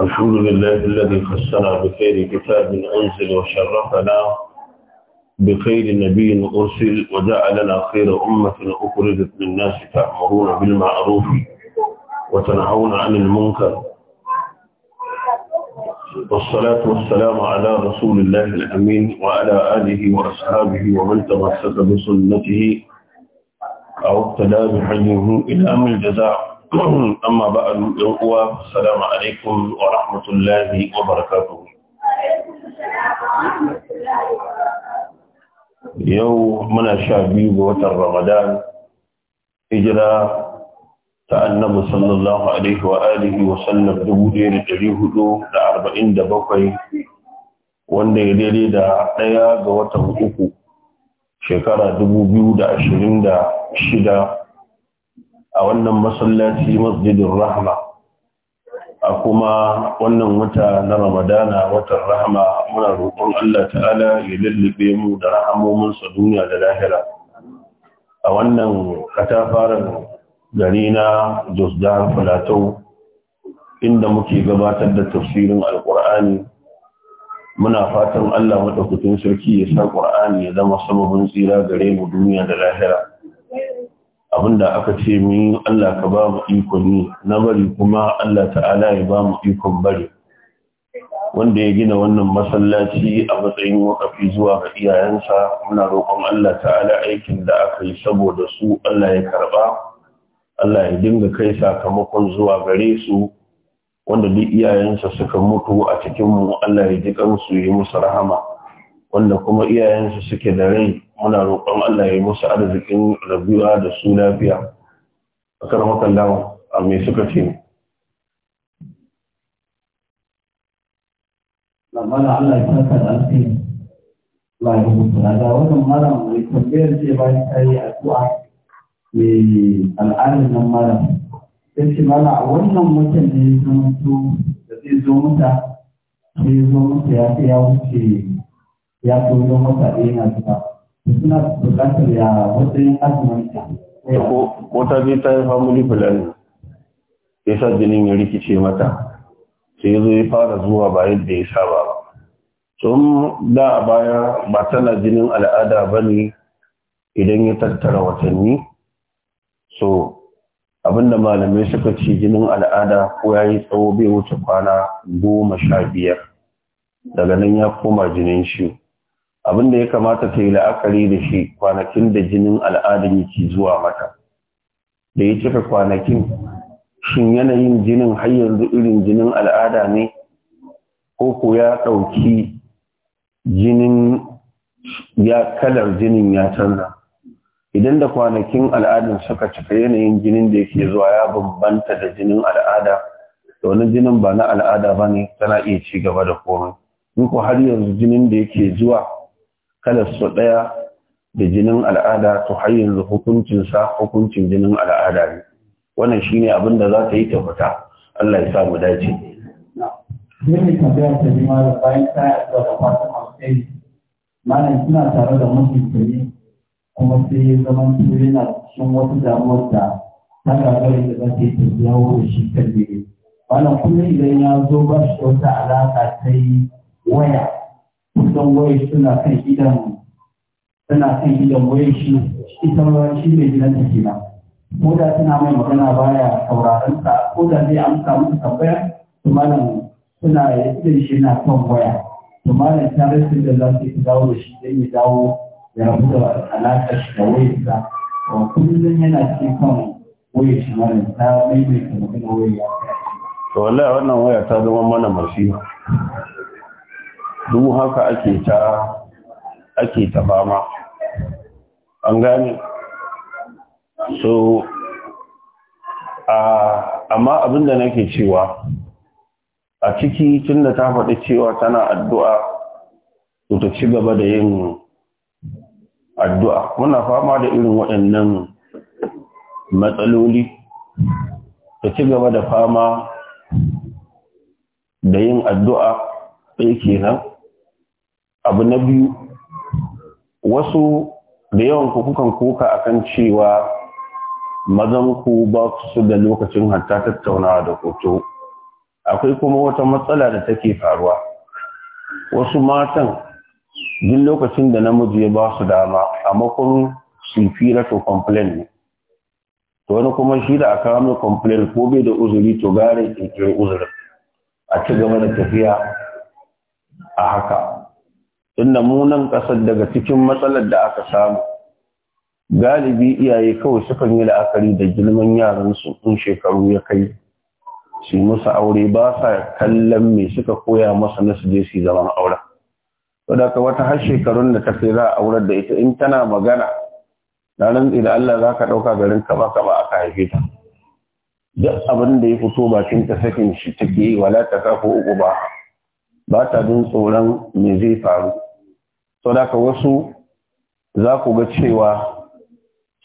الحمد لله الذي خصنا بخير كتاب أنزل وشرفنا بخير نبي أرسل وجعلنا خير أمة أخرجت للناس تأمرون بالمعروف وتنهون عن المنكر والصلاة والسلام على رسول الله الأمين وعلى آله وأصحابه ومن تمسك بسنته أو اقتدى بحجمه إلى أم الجزاء amma ba a yan uwa salamu alaikum wa rahmatullahi wa barakatuhu yau muna sha biyu ga watan ramadan hijira ta annabi sallallahu alaihi wa alihi wa sallam dubu ɗaya da ɗari hudu da arba'in da bakwai wanda ya daidai da ɗaya ga watan uku shekara dubu biyu da ashirin da shida a wannan masallaci masjidin rahma a kuma wannan wata na ramadana watan rahma muna roƙon Allah ta'ala ya lullube mu da rahamominsa duniya da lahira a wannan katafaren gari na jos jihar inda muke gabatar da tafsirin alƙur'ani muna fatan Allah maɗaukakin sarki ya sa ƙur'ani ya zama sababin tsira gare mu duniya da lahira abinda aka ce min Allah ka ba mu ikon ni na bari kuma Allah ta'ala ya ba mu ikon bari wanda ya gina wannan masallaci a matsayin wakafi zuwa ga iyayensa muna roƙon Allah ta'ala aikin da aka yi saboda su Allah ya karɓa Allah ya dinga kai sakamakon zuwa gare su wanda duk iyayensa suka mutu a cikin mu Allah ya ji kansu ya musu rahama wanda kuma iyayensa suke da rai muna roƙon Allah ya yi musu arzikin rabuwa da su lafiya a karmakan dama a mai suka ce mana Allah ya saka da alfi la ya mutu da wannan malam mai tambayar ce bayan ta yi addu'a mai al'adar nan malam sai ce mana a wannan mutum ne ya zo da zai zo mata sai ya zo mata ya fi ya wuce ya zo mata ɗaya na zuba ko ta je ta yi family planning ya sa jinin ya rikice mata sai ya zo ya fara zuwa ba yadda ya saba ba tun da a baya ba tana jinin al'ada ba ne idan ya tattara watanni so abinda malamai suka ci jinin al'ada ko ya yi tsawo bai wuce kwana goma sha biyar daga nan ya koma jinin shi abin da ya kamata ta yi la'akari da shi kwanakin da jinin al'adun yake zuwa mata da ya cika kwanakin shin yanayin jinin har yanzu irin jinin al'ada ne ko ko ya ɗauki jinin ya kalar jinin ya canza idan da kwanakin al'adun suka cika yanayin jinin da yake zuwa ya bambanta da jinin al'ada da wani jinin ba na al'ada ba ne tana iya ci gaba da komai in ko har yanzu jinin da yake zuwa kalar su ɗaya da jinin al'ada to har yanzu hukuncinsa hukuncin jinin al'ada ne wannan shine abin da za ta yi ta fita Allah ya sa mu dace Yin tambaya ta jima da bayan kayan da fatan alkhairi, malam suna tare da mutunta ne kuma sai ya zama yana cikin wasu damuwar da ta gagari da za ta yi tafiya shi kan dare. Malam kullum idan ya zo ba shi wata alaƙa ta yi waya don wayar suna kan idan suna kan idan wayar shi ita shi mai gidan ta ke ko da suna mai magana baya sauraron ta ko da zai amsa musu tambaya to malam suna idan shi na kan waya to malam ta rasa da za su yi dawo da shi dan ya dawo ya rabu da alaƙar shi da wayar sa kullum yana cikin kan wayar shi malam ta maimaita magana wayar ya to wallahi wannan waya ta zama mana masifa duk haka ake ta ake ta fama an gane so amma abinda nake cewa a ciki tunda ta faɗi cewa tana addu'a to ta ci gaba da yin addu'a muna fama da irin waɗannan matsaloli ta ci gaba da fama da yin addu'a ɗaya kenan abu na biyu wasu da yawan kukukan kuka akan cewa mazan ku ba su da lokacin hatta tattaunawa da koto akwai kuma wata matsala da take faruwa wasu matan duk lokacin da namiji ya ba su dama a makon su fira to complain ne to wani kuma shi da aka mai complain ko bai da uzuri to gare kirkirar uzurin a ci gaba da tafiya a haka inda munan ƙasar daga cikin matsalar da aka samu galibi iyaye kawai sukan yi la'akari da girman yaransu in shekaru ya kai su musu aure ba sa kallon me suka koya masa na su je su zaman auren saboda wata har shekarun da ta kai za a aurar da ita in tana magana ranar idan Allah za ka ɗauka garin kaba kaba aka haife ta duk abin da ya fito bakin ta sakin shi take yi wala ta kafa uku ba ba ta jin tsoron me zai faru sau da wasu za ku ga cewa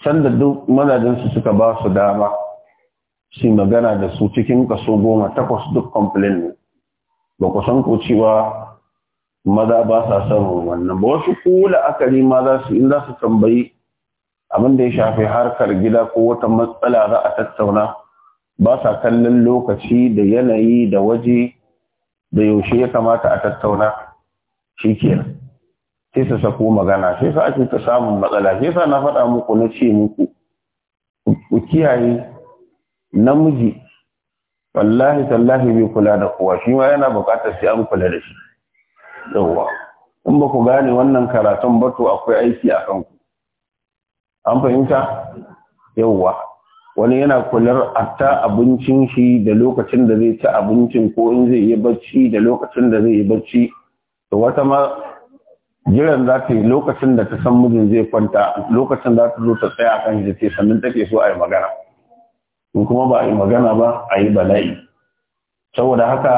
sanda duk manajansu suka ba su dama shi magana da su cikin kaso goma takwas duk complain ne ba ku san ko cewa maza ba sa son wannan ba wasu kula akari ma za su in za su tambayi abin da ya shafi harkar gida ko wata matsala za a tattauna ba sa kallon lokaci da yanayi da waje da yaushe ya kamata a tattauna shi kenan sai su sako magana sai sa ake ta samun matsala sai sa na faɗa muku na ce muku ku kiyaye namiji wallahi tallahi bai kula da kowa shi ma yana buƙatar sai an kula da shi yawwa in ba ku gane wannan karatun ba to akwai aiki a kan ku. an fahimta yawwa wani yana kular hatta abincin shi da lokacin da zai ci abincin ko in zai yi bacci da lokacin da zai yi bacci to wata ma jiran za ta yi lokacin da ta san mijin zai kwanta lokacin za ta zo ta tsaya kan shi ce sannan take so a yi magana in kuma ba a yi magana ba a yi bala'i saboda haka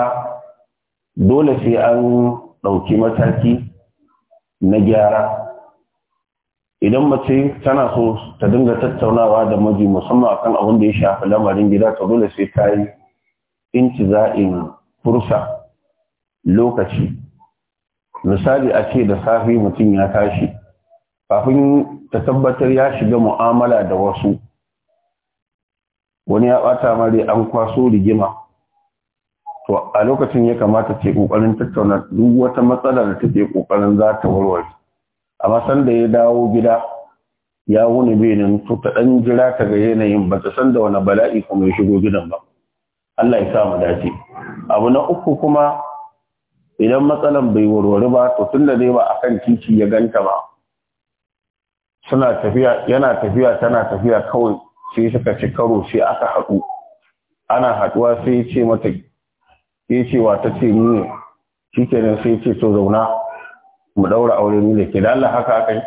dole sai an ɗauki mataki na gyara idan mace tana so ta dinga tattaunawa da miji musamman akan abin da ya shafi lamarin gida ta dole sai ta yi inci za'in fursa lokaci misali a ce da safi mutum ya tashi kafin ta tabbatar ya shiga mu'amala da wasu wani ya bata mare an kwaso rigima to a lokacin ya kamata ce kokarin tattauna duk wata matsala da take kokarin za ta warware amma san da ya dawo gida ya wuni benin to ta dan jira ta ga yanayin ba ta san da wani bala'i kuma ya shigo gidan ba Allah ya sa mu dace abu na uku kuma idan matsalan bai warware ba to tun da dai ba akan titi ya ganta ba suna tafiya yana tafiya tana tafiya kawai sai suka ci karo sai aka haɗu ana haɗuwa sai ce mata ya ce ta ce ni shi kenan sai ce to zauna mu ɗaura aure ni da ke da Allah haka akai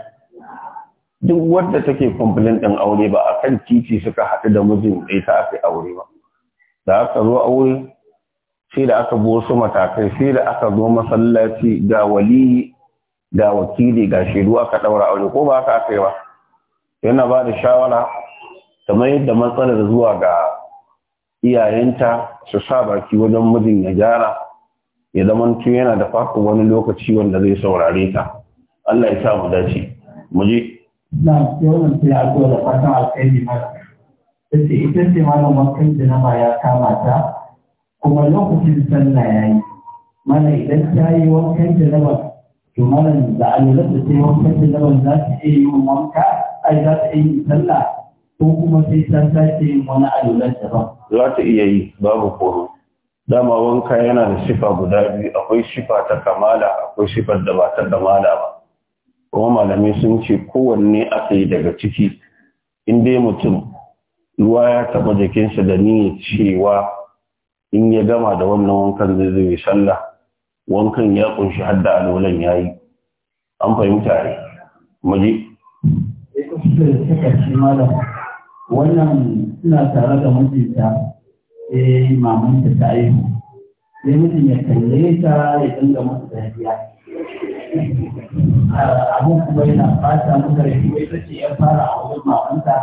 duk wadda take kumfulin ɗin aure ba a kan titi suka haɗu da mijin ɗaya ta aka aure ba da aka zo aure sai da aka bo su matakai sai da aka zo masallaci ga wali da wakili ga shaidu aka daura aure ko ba ka kai ba yana ba da shawara kamar da matsalar zuwa ga iyayenta su sa baki wajen mijin ya gyara ya tun yana da faku wani lokaci wanda zai saurare ta Allah ya sa mu dace mu je na yawan sai da fatan alkhairi mara ita ce malam wakan da na ya kama ta kuma lokacin sallah ya yi mana idan ta yi wankan jaraba to mana da alular da ta yi wankan jaraba za ta iya yi wanka ai za ta iya yi sallah ko kuma sai ta sake yin wani alular ba. za ta iya yi babu koro dama wanka yana da shifa guda biyu akwai shifa ta kamala akwai shifa da ba ta kamala ba kuma malamai sun ce kowanne aka yi daga ciki in dai mutum ruwa ya taɓa jikinsa da niyyar cewa in ya gama da wannan wankan zai zai sallah wankan ya kunshi hadda alolan ya yi an fahimta ne maji wannan suna tare da mijinta sai eh, mamanta ta aihu sai mutum ya kalle ta ya dinga masa dariya abin kuma yana fata masa rai wai ta ce ya fara a wajen mamanta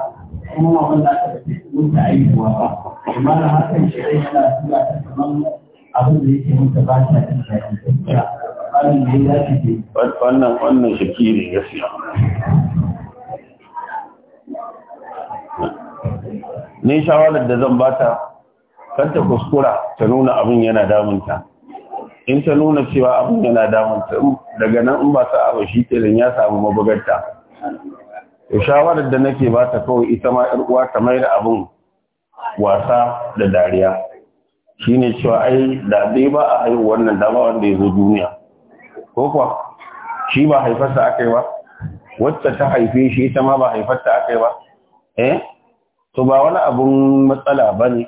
kuma mamanta ta ce wuce aihuwa ba amma da hakan shi dai yana zuwa ta kamar abin da yake mutu ba ta jin daɗi gaskiya tsarin da ya dace wannan wannan shaki ne gaskiya ne shawarar da zan bata kanta kuskura ta nuna abin yana damunta in ta nuna cewa abin yana damunta daga nan in ba sa abu shi ke ya samu mabugarta shawarar da nake ba ta kawai ita ma ‘yar uwa ta mai da abin wasa da dariya shi ne cewa ai da dai ba a haihu wannan dama wanda ya zo duniya ko kuwa shi ba haifarsa aka yi ba wacce ta haife shi ita ma ba haifarta aka yi ba eh to ba wani abun matsala ba ne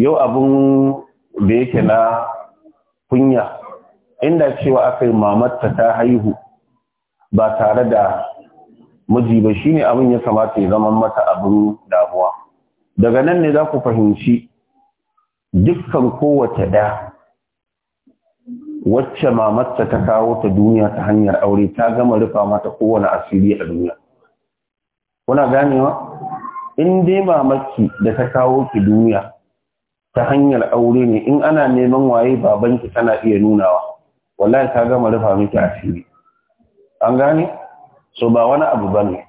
yau abun da yake na kunya inda cewa aka yi mamatta ta haihu ba tare da miji ba shine abin ya kamata ya zama mata abin damuwa daga nan ne za ku fahimci dukkan kowace ɗaya wacce mamarta ta kawo ta duniya ta hanyar aure ta gama rufa mata kowane asiri a duniya kuna ganewa in dai mamaki da ta kawo ki duniya ta hanyar aure ne in ana neman waye babanki tana iya nunawa wallahi ta gama rufa miki asiri an gane so ba wani abu ba ne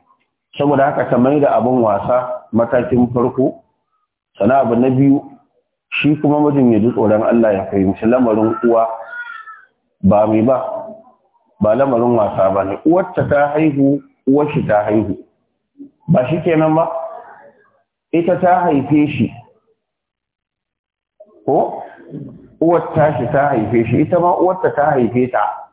saboda haka ta mai da abin wasa matakin farko sana abu na biyu shi kuma mijin ya ji tsoron Allah ya fahimci lamarin uwa ba mai ba ba lamarin wasa ba ne uwarta ta haihu uwar shi ta haihu ba shi kenan ba ita ta haife shi ko uwar ta shi ta haife shi ita ma uwarta ta haife ta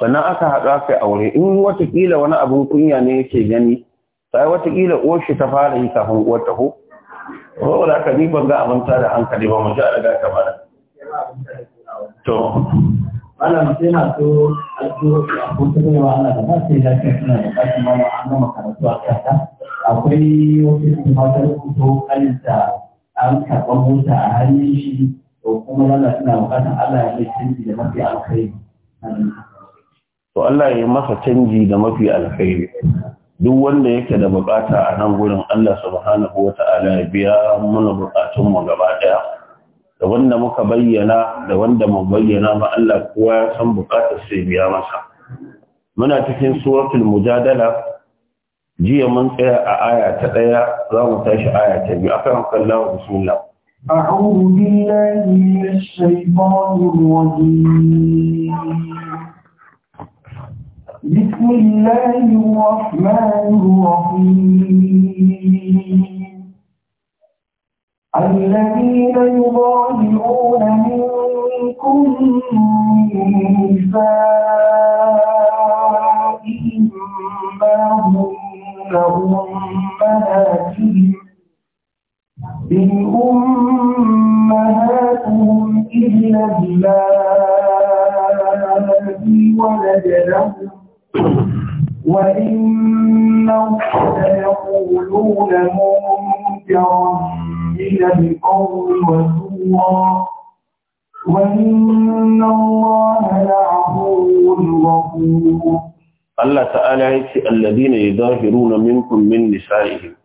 sannan aka haɗa kai aure in watakila wani abin kunya ne yake gani sai watakila oshi ta fara yi kafin uwar taho ko da aka ni ban ga abin da hankali ba mu ji a daga ba. to malam sai na so addu'o'i a kuma da wahala da ba sai da kai suna da kashi malam an gama karatu a kasa akwai wasu tumatar ko kalinta an karɓar mota a hannun shi ko kuma lalla suna buƙatar Allah ya kai canji da mafi alkhairi to Allah ya masa canji da mafi alkhairi duk wanda yake da bukata a nan gurin Allah subhanahu wata'ala ya biya mana bukatun mu gaba daya da wanda muka bayyana da wanda mu bayyana ma Allah kowa ya san bukatar sai biya masa muna cikin suratul mujadala jiya mun tsaya a aya ta daya za mu tashi aya ta biyu akan kallahu bismillah أعوذ بالله من الشيطان الرجيم بسم الله الرحمن الرحيم الذين يظاهرون منكم من نسائهم ما هن أمهاتهم إن أمهاتهم إلا الله ولد لهم وإنهم ليقولون منكرا من القول وزورا وإن الله لعفو غفور Allah ta'ala ya ce alladina ya yuzahiruna minkum min nisa'ihim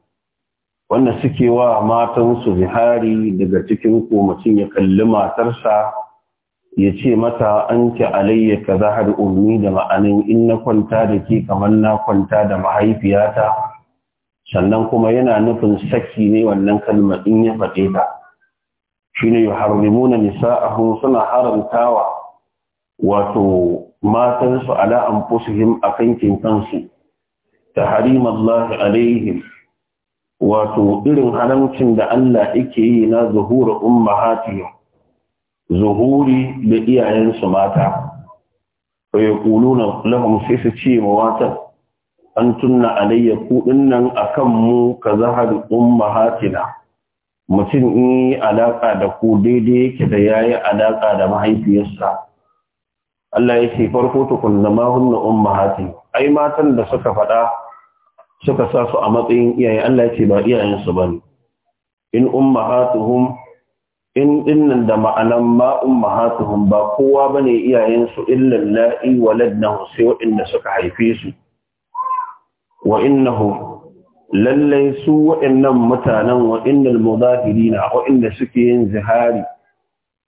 wanda suke wa matansu zihari daga cikin ku ya kalli matarsa ya ce mata an ki alayya ka zahar ummi da ma'anin in na kwanta da ke kamar na kwanta da mahaifiyata sannan kuma yana nufin saki ne wannan kalmar in ya faɗe ta shine a nisa'ahum suna haramtawa wato matansu ala a kankin kansu. ta harimallahi alaihim wato irin haramcin da Allah yake yi na zuhura ummahatihim zuhuri da iyayensu mata fa na lahum sai su ce ma wata an tunna alayya ku dinnan akan mu ka zahar ummahatina mutum in yi alaka da ku daidai yake da yayi alaƙa da mahaifiyarsa Allah ya ce farko tukunna da hunna ummahati ai matan da suka faɗa suka sa a matsayin iyaye Allah ya ce ba iyayensu bane in ummahatuhum in dinnan da ma'anan ma ummahatuhum ba kowa bane iyayensu illa la'i waladnahu sai waɗanda suka haife su wa innahu lallai su waɗannan mutanen wa innal mudahirina waɗanda suke yin zihari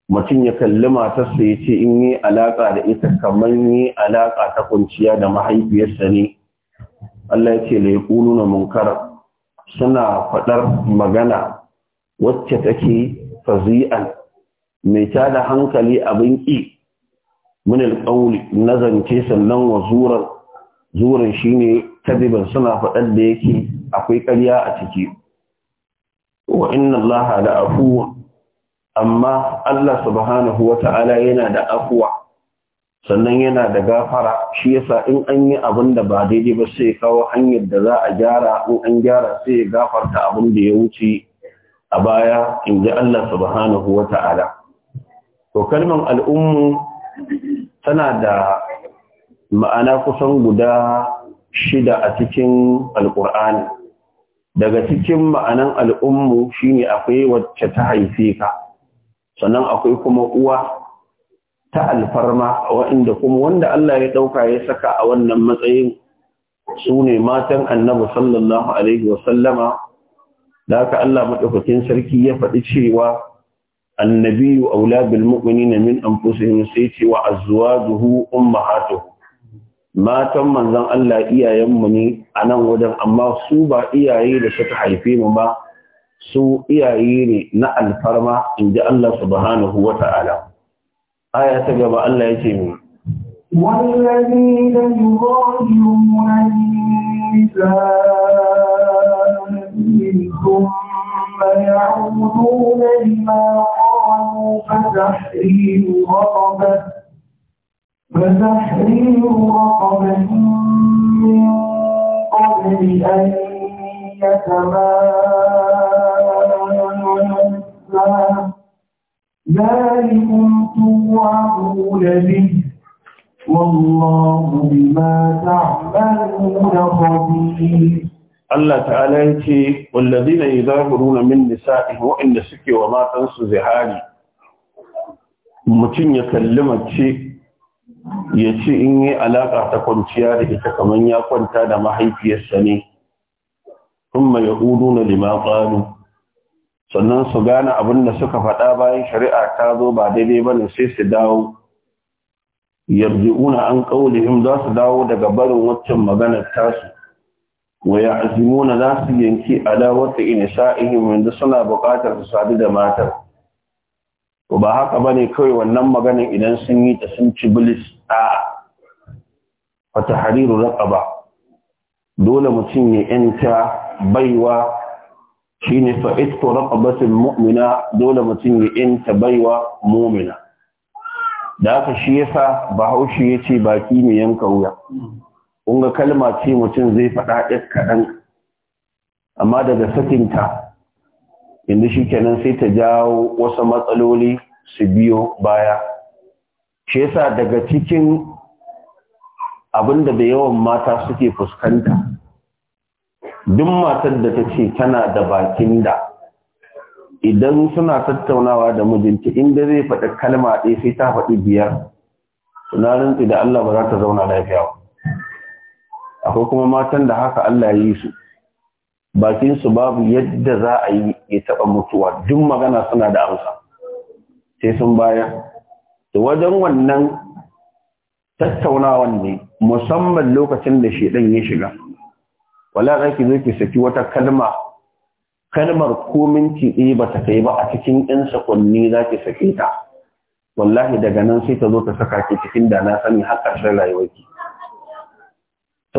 mutum ya kalli matarsa ya ce in yi alaƙa da ita kamar yi alaƙa ta kunciya da mahaifiyarsa ne Allah ya ce la yaquluna munkar. suna faɗar magana wacce take fazi'an mai tada hankali abin ƙi min alƙawli na zance sannan wa zuran zuran shine kadiban suna faɗar da yake akwai ƙarya a ciki wa inna allaha da afuwa amma Allah subhanahu wa ta'ala yana da afuwa sannan yana da gafara shi yasa in an yi abin da ba daidai ba sai kawo hanyar da za a gyara in an gyara sai ya gafarta abin da ya wuce a baya in ji Allah subhanahu wa ta'ala. To kalman al'ummu tana da ma'ana kusan guda shida a cikin al'ur'ani. Daga cikin ma'anan al'ummu shine akwai wacce ta haife ka, sannan akwai kuma uwa ta alfarma wa'inda kuma wanda Allah ya ɗauka ya saka a wannan matsayin su ne matan annabi sallallahu Alaihi wasallama da haka Allah madaukakin sarki ya faɗi cewa annabiyu aula bil mu'minina min anfusihim sai ce wa azwajuhu ummahatuhu matan manzon Allah iyayenmu ne a nan wajen amma su ba iyaye da suka haife mu ba su iyaye ne na alfarma inji Allah subhanahu wata'ala aya ta gaba Allah ya ce mu والذين يظاهرون من نسائهم ثم يعودون لما قالوا فتحرير رقبة فتحرير رقبة من قبل أن يتماسا ذلكم توعدون به والله بما تعملون خبير Allah ta'ala ya ce wallazina yuzahiruna min nisa'ihim waɗanda suke wa su zihari mutum ya kalli mace ya ce in yi alaƙa ta kwanciya da ita kamar ya kwanta da mahaifiyarsa ne kuma ya hudu na limaƙalu sannan su gane abin da suka faɗa bayan shari'a ta zo ba daidai ba ne sai su dawo yarji'una an ƙaulihim za su dawo daga barin waccan maganar tasu Azimuna ويعزمون ذات ينكي inisa'ihim وطئ suna buƙatar su sadu da matar? Ba haka ba ne kawai wannan maganar idan sun yi ta sun ci bilis a fata hariru ba, dole mutum ya yanta baiwa ne fa itqu raqabatil mu'mina dole mutum ya yanta baiwa mu'mina da haka shi yasa bahaushe yace baki mai yanka wuya Kunga kalma ce mutum zai faɗa ɗin kaɗan amma daga sakinta inda shi kenan sai ta jawo wasu matsaloli su biyo baya shi yasa daga cikin abinda da yawan mata suke fuskanta duk matar da ta ce tana da bakin da idan suna tattaunawa da mijinta inda zai faɗi kalma ɗaya sai ta faɗi biyar tunanin da Allah ba za ta zauna lafiya ba akwai kuma matan da haka Allah ya yi su bakin su babu yadda za a yi ya taɓa mutuwa duk magana suna da amsa sai sun baya. da wajen wannan tattaunawan ne musamman lokacin da shedan ya shiga wala ki zo ki saki wata kalma kalmar ko minti ɗaya ba ta kai ba a cikin ɗan sakonni za ki sake ta wallahi daga nan sai ta zo ta saka ki cikin da na sani har ƙarshen rayuwarki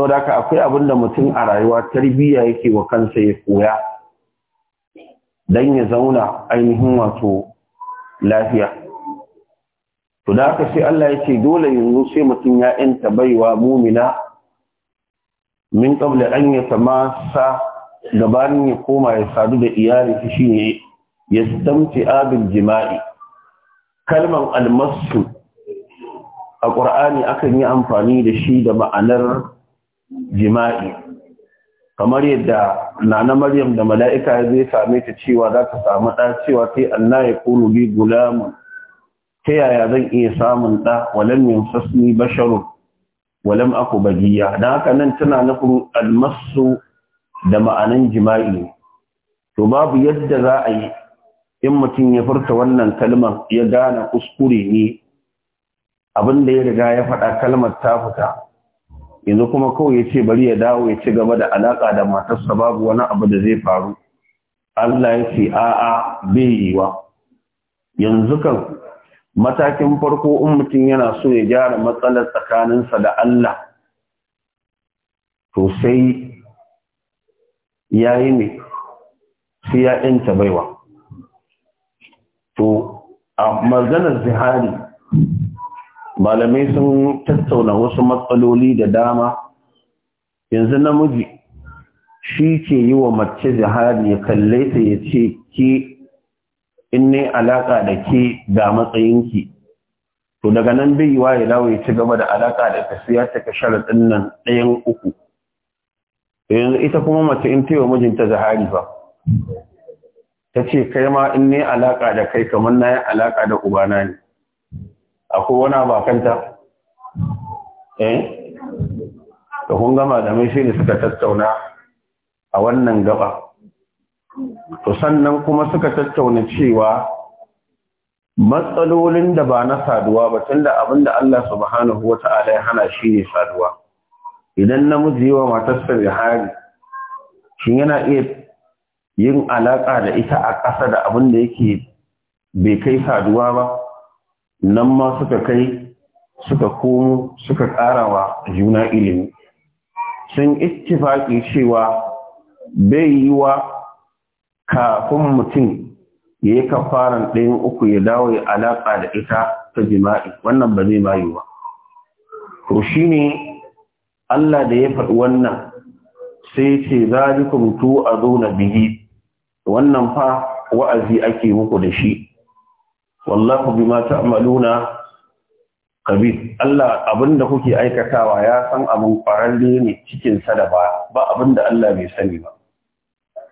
saboda haka akwai abin da mutum a rayuwa tarbiyya yake wa kansa ya koya don ya zauna ainihin wato lafiya to da haka sai Allah ya ce dole yanzu sai mutum ya yanta baiwa mumina min qabla an yatamassa gabanin ya koma ya sadu da iyali shine tamti abin jima'i kalman almasu a ƙur'ani akan yi amfani da shi da ma'anar jima'i kamar yadda nana maryam da mala'ika ya zai same ta cewa za ta samu ɗa cewa sai Allah ya kunu bi gulamun ta yaya zan iya samun ɗa walam yin sasni basharu walam aku bagiya don haka nan tana nufin almasu da ma'anan jima'i to babu yadda za a yi in mutum ya furta wannan kalmar ya gane kuskure ne abin da ya riga ya faɗa kalmar ta fita yanzu kuma kawai ya ce bari ya dawo ya ci gaba da alaƙa da matarsa babu wani abu da zai faru Allah ya ce a'a bai yiwa yanzu kan matakin farko in mutum yana so ya gyara matsalar tsakaninsa da Allah to sai ya yi ne sai ya ‘yanta baiwa to a maganar zihari malamai sun tattauna wasu matsaloli da dama yanzu namiji shi ke yi wa mace jihadi ya kalle ta ya ce ki in ne alaƙa da ke ga matsayinki to daga nan bai yiwa ya dawo ya ci gaba da alaƙa da ta siya ta ka sharaɗin nan ɗayan uku yanzu ita kuma mace in ta yi wa mijinta jihadi ba ta ce kai ma in ne alaƙa da kai kamar na yi alaƙa da ubana ne akwai wani abu a eh da kun gama da ne suka tattauna a wannan gaba to sannan kuma suka tattauna cewa matsalolin da ba na saduwa ba tunda abinda Allah subhanahu Ta'ala ya hana shi ne saduwa idan namiji yawa matarsa bihari shi yana iya yin alaƙa da ita a ƙasa da abinda yake bai kai saduwa ba nan ma suka kai suka komo suka ƙarawa juna ilimi sun ittifaki cewa bai yi wa kafin mutum ya yi kafaran ɗayan uku ya dawo ya alaƙa da ita ta jima'i wannan ba zai mayu ba to shi ne Allah da ya faɗi wannan sai ce za a zo na bihi wannan fa wa'azi ake muku da shi wallahu bima ta'maluna kabir Allah abinda kuke aikatawa ya san abin kwararre ne cikin sa da ba ba abinda Allah bai sani ba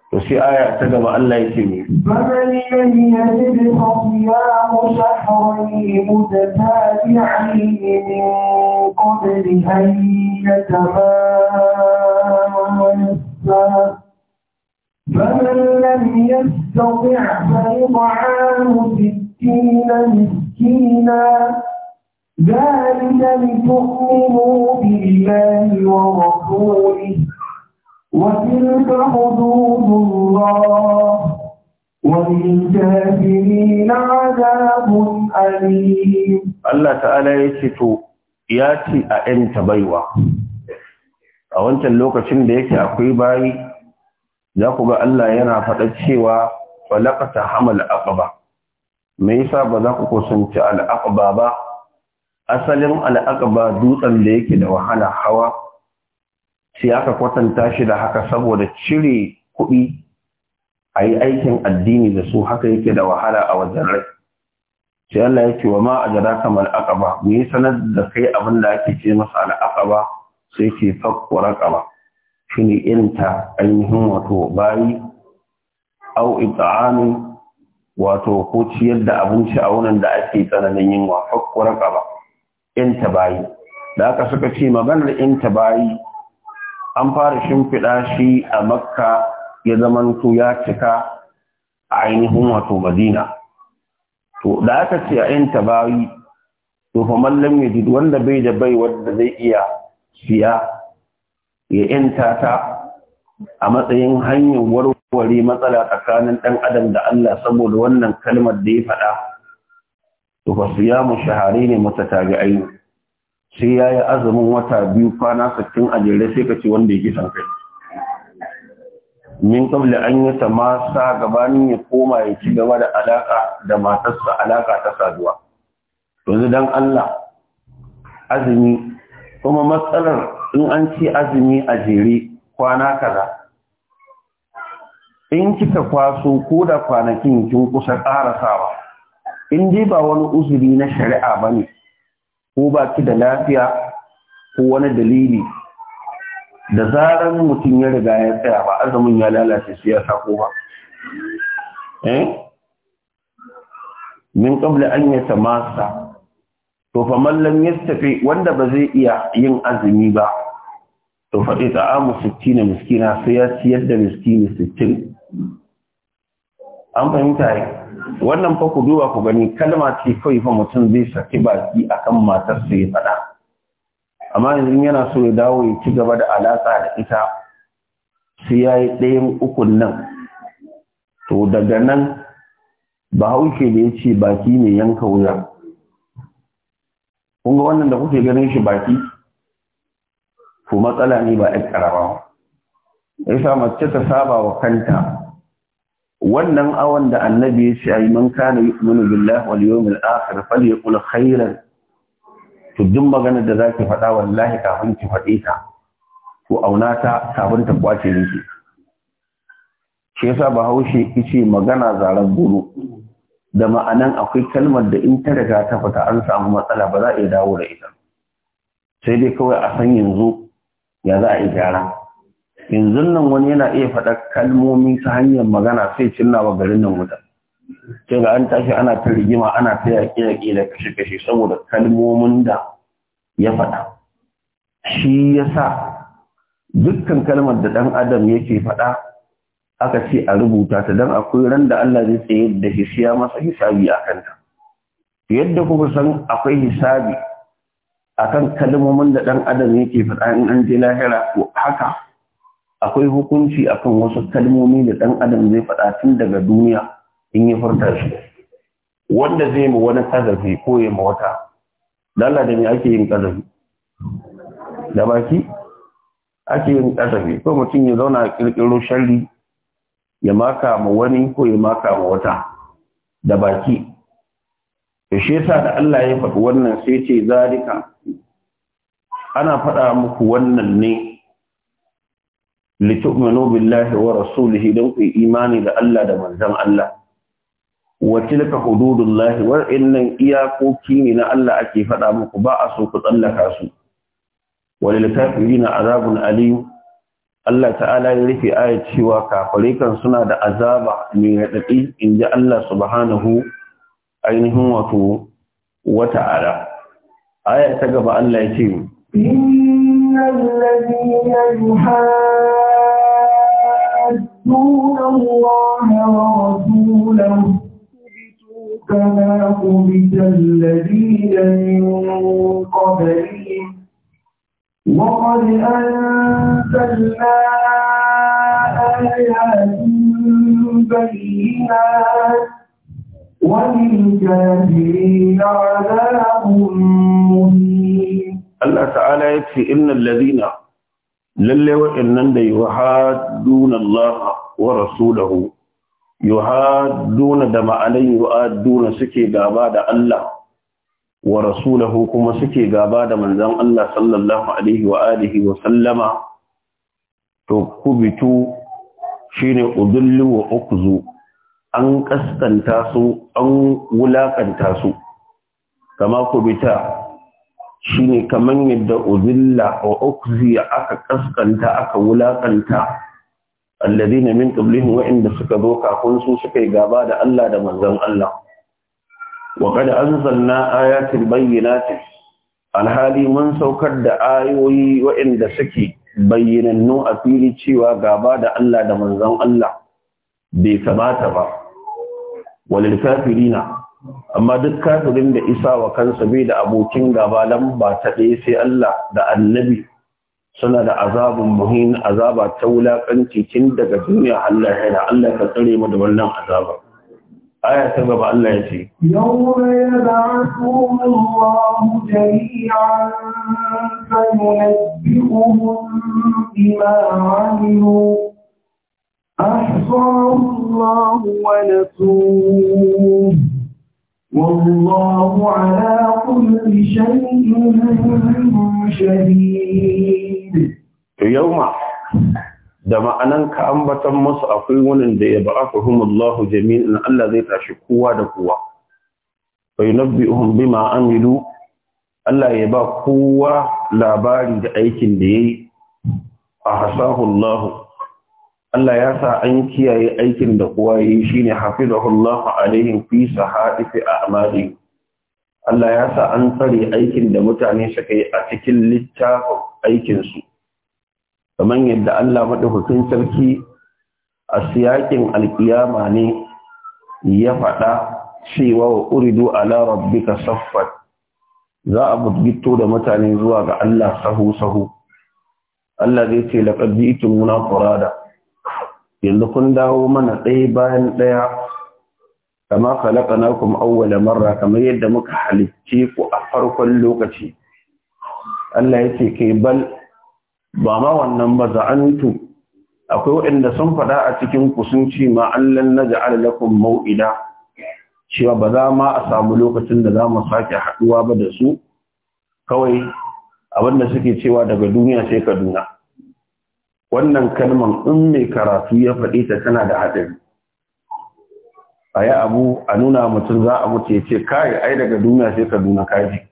to sai aya ta gaba Allah yake ne babal yayyid qiyam shahri mutatabi'an min qabli an yatamassa فمن لم يستطع فإطعام وستين مسكينا ذلك لتؤمنوا بالله ورسوله وتلك حدود الله وللكافرين عذاب أليم الله تعالى يتتو ياتي أأنت بيوة a wancan lokacin da yake akwai bayi za ku ga Allah yana faɗa cewa falakata hamal aqaba me yasa ba za ku kusanci al'aqba ba asalin al'aqba dutsen da yake da wahala hawa sai aka kwatanta shi da haka saboda cire kuɗi a yi aikin addini da su haka yake da wahala a wajen rai sai Allah ya ce wa ma a jada kamar aqaba mu yi sanar da kai abin da ake ce masa al'aqaba sai ke fakku ba shine irin ta ainihin wato bayi au it'amin wato ko ciyar da abinci a wannan da ake tsananin yunwa hakku kaba. in ta bayi da aka suka ce maganar in ta bayi an fara shimfiɗa shi a makka ya zamanto ya cika a ainihin wato madina to da aka ce a in ta bayi to fa mallam ji wanda bai da bai wanda zai iya siya ya yanta ta a matsayin hanyar warware warware matsala tsakanin ɗan adam da Allah saboda wannan kalmar da ya faɗa to fa siyamu shahari ne mutatabi'ai sai ya yi azumin wata biyu kwana 60 a jere sai ce wanda ya kisan kai min kabla an yi masa gabanin ya koma ya ci gaba da alaka da matarsa alaka ta saduwa yanzu dan Allah azumi kuma matsalar in an ci azumi a jere kwana kaza in kika kwaso ko da kwanakin kin kusa karasawa in dai ba wani uzuri na shari'a ba ne ko ba ki da lafiya ko wani dalili da zaran mutum ya riga ya tsaya ba azumin ya lalace siyasa ya sako ba eh? min qabla an yatamassa to fa man lam yastafi wanda ba zai iya yin azumi ba to fa amu 60 miskina sai ya ciyar da miskini 60 an fahimta ne wannan fa ku duba ku gani kalma ce kawai fa mutum zai saki baki akan matar su ya faɗa amma yanzu yana so ya dawo ya ci gaba da alaƙa da ita sai ya yi ɗayan ukun nan to daga nan bahaushe da ya ce baki mai yanka wuya kun ga wannan da kuke ganin shi baki ko matsala ne ba ɗan ƙarama ya sa mace ta saba wa kanta wannan awon da annabi ya ce ayi man kana yu'minu billahi wal yawmil akhir falyaqul khairan to duk maganar da zaki faɗa wallahi kafin ki faɗe ta to auna ta kafin ta kwace miki shi yasa bahaushe yace magana zaran guru da ma'anan akwai kalmar da in ta riga ta fita an samu matsala ba za a iya dawo da ita sai dai kawai a san yanzu ya za a yi gyara yanzu nan wani yana iya faɗa kalmomi ta hanyar magana sai cinna wa garin nan wuta sai ga an tashi ana ta rigima ana ta yaƙi yaƙi da kashe kashe saboda kalmomin da ya faɗa shi ya sa dukkan kalmar da ɗan adam yake faɗa aka ce a rubuta ta don akwai ran da Allah zai tsaye da hisiya masa hisabi a kanta yadda kuka san akwai hisabi akan kalmomin da ɗan adam yake faɗa in an je lahira ko haka akwai hukunci akan wasu kalmomi da ɗan adam zai faɗa tun daga duniya in ya furta shi wanda zai mu wani kazafi ko ya ma wata lalla da me ake yin kazafi da baki ake yin kazafi ko mutum ya zauna a kirkiro sharri ya maka ma wani ko ya maka ma wata da baki da shi yasa da Allah ya faɗi wannan sai ce zalika ana faɗa muku wannan ne litu'minu billahi wa rasulihi dan ku imani da Allah da manzon Allah wa hududullahi wa innan iyakoki ne na Allah ake faɗa muku ba a so ku tsallaka su wa lil kafirina azabun alim Allah ta'ala ya rufe ayat cewa kafare suna da azaba mai radadi inji Allah subhanahu ainihin wato wa ta'ala aya ta gaba Allah ya ce innal ladina yuhaa يحدون الله ورسوله كما قبت الذين من قبلهم وقد أنزلنا آيات بينات وللكافرين عذاب مهين الله تعالى يكفي إن الذين lalle wa'annan da yuhadduna Allah wa rasulahu yuhadduna da ma'anan yuhadduna suke gaba da Allah wa rasulahu kuma suke gaba da manzon Allah sallallahu alaihi wa alihi wa sallama to kubitu shine udullu wa ukzu an kaskanta su an wulakanta su kama kubita ne kamar yadda uzilla wa ukzi aka kaskanta aka wulakanta alladhina min qablihim wa suka zo kafin su suka yi gaba da Allah da manzon Allah wa qad anzalna ayatin bayyinatin alhali mun saukar da ayoyi waɗanda suke bayyanannu a fili cewa gaba da Allah da manzan Allah bai kamata ba walil kafirina amma duk kafirin da isa wa kansa bai da abokin gaba lamba ta ɗaya sai Allah da annabi suna da azabun muhin azaba ta wulaƙanci tun daga duniya Allah ya da Allah ka tsare mu da wannan azaba aya ta gaba Allah ya ce yawma yab'athuhum Allahu jami'an fa yunabbi'uhum bima 'amilu أحصاه الله ونسوه والله على كل شيء شهيد يوم da ma'anan ka ambatan musu akwai wani da ya ba'afahum Allah jami'in Allah zai tashi kowa da kowa Bai fa yunabbi'uhum bima amilu Allah ya ba kowa labari da aikin da yayi a hasahun Allah Allah ya sa an kiyaye aikin da kowa yi shine hafizahullahu alaihim fi sahaifi a'mali Allah ya sa an tsare aikin da mutane suka yi a cikin littafin aikin su kamar yadda Allah madaukakin sarki a siyakin alkiyama ne ya faɗa cewa wa uridu ala rabbika saffat za a budgito da mutane zuwa ga Allah sahu sahu Allah zai ce laqad muna furada yanzu kun dawo mana ɗaya bayan ɗaya kama nakun awwala marra kamar yadda muka halicce ku a farkon lokaci Allah yake kai bal ba ma wannan ba za'antu akwai waɗanda sun faɗa a cikin kusunci sun ce ma allan naj'al lakum mau'ida cewa ba za ma a samu lokacin da za mu sake haɗuwa ba da su kawai abinda suke cewa daga duniya sai Kaduna wannan kalman in mai karatu ya faɗi ta tana da haɗari a yi abu a nuna mutum za a mutu ya ce kai ai daga duniya sai ka duna kaji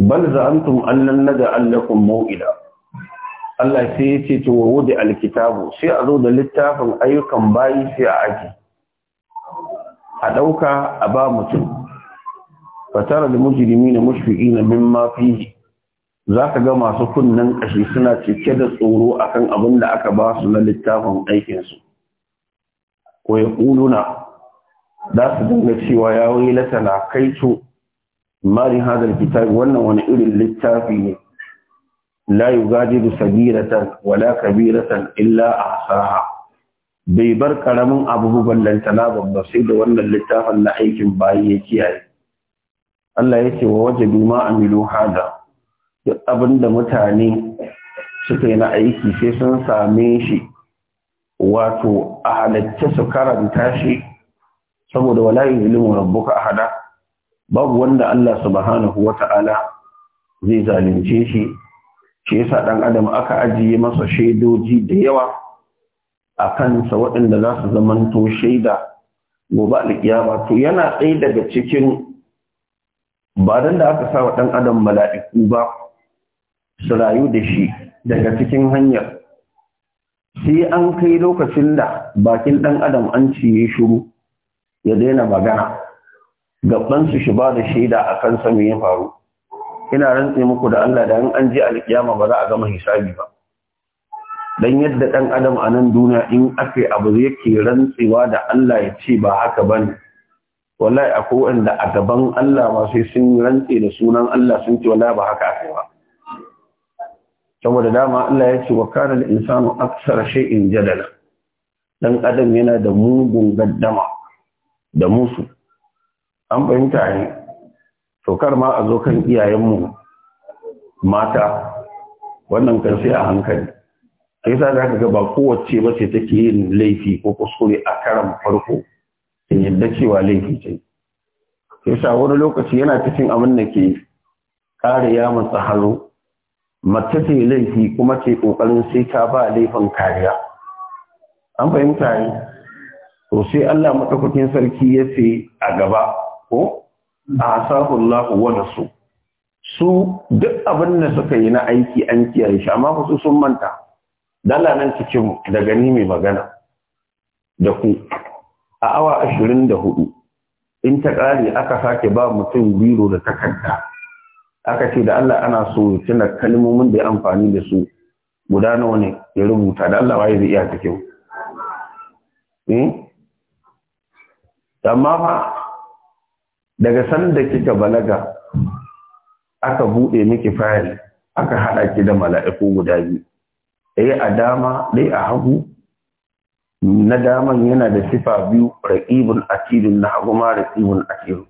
bal antum annan ga allakum maw'ida Allah sai ya ce to wudi alkitabu sai a zo da littafin ayyukan bayi sai a aji a ɗauka, a ba mutum fatara da mujrimina na mimma fihi za ka ga masu kunnen ƙashi suna cike da tsoro akan abin da aka ba su na littafin aikinsu ko ya ƙuluna za su dinga cewa ya wailata na to. mari hadar kitabi wannan wani irin littafi ne la yugadiru sabiratan wala kabiratan illa saha bai bar karamin abu ballantana babba sai da wannan littafin na aikin bayi ya kiyaye Allah ce wa wajabi ma amilu hada duk abin da mutane suka yi na aiki sai sun same shi wato a halatta su karanta shi saboda wala'i ilimin rabbuka ahada babu wanda Allah subhanahu ta'ala zai zalunce shi shi yasa ɗan adam aka ajiye masa shaidoji da yawa a kansa waɗanda za su zamanto shaida gobe alƙiyama to yana tsaye daga cikin ba don da aka sa wa ɗan adam mala'iku ba su rayu da shi daga cikin hanyar sai an kai lokacin da bakin ɗan adam an ciye shuru ya daina magana su shi ba da shaida a kan sami ya faru ina rantse muku da Allah da an ji alkiyama ba za a gama hisabi ba dan yadda dan adam a nan duniya in akai abu yake rantsewa da Allah ya ce ba haka bane wallahi akwai wanda a gaban Allah ma sai sun rantse da sunan Allah sun ce wallahi ba haka akai ba saboda dama Allah ya ce wa kana lil insanu aksara shay'in jadala dan adam yana da mugun gaddama da musu an fahimta ne to kar ma a zo kan iyayenmu mata wannan kan sai a hankali sai sa za ka ga ba kowace ba ce take yin laifi ko kuskure a karan farko ta yadda cewa laifi ce sai sa wani lokaci yana cikin abin da ke kare ya masa haro mace ce laifi kuma ce ƙoƙarin sai ta ba laifin kariya an fahimta ne to sai Allah madaukakin sarki ya ce a gaba ko a asahullahu wa nasu su duk abin da suka yi na aiki an kiyaye shi amma su sun manta dala nan cikin da gani mai magana da ku a awa ashirin da hudu in ta ƙare aka sake ba mutum biro da takarda aka ce da Allah ana so tuna kalmomin da ya amfani da su guda nawa ne ya rubuta da Allah waye zai iya ta kyau eh? amma fa daga sanda kika balaga aka buɗe miki fayil aka haɗa ki da mala'iku guda biyu ɗaya a dama dai a hagu na daman yana da sifa biyu raƙibin atidun na hagu ma raƙibin atidun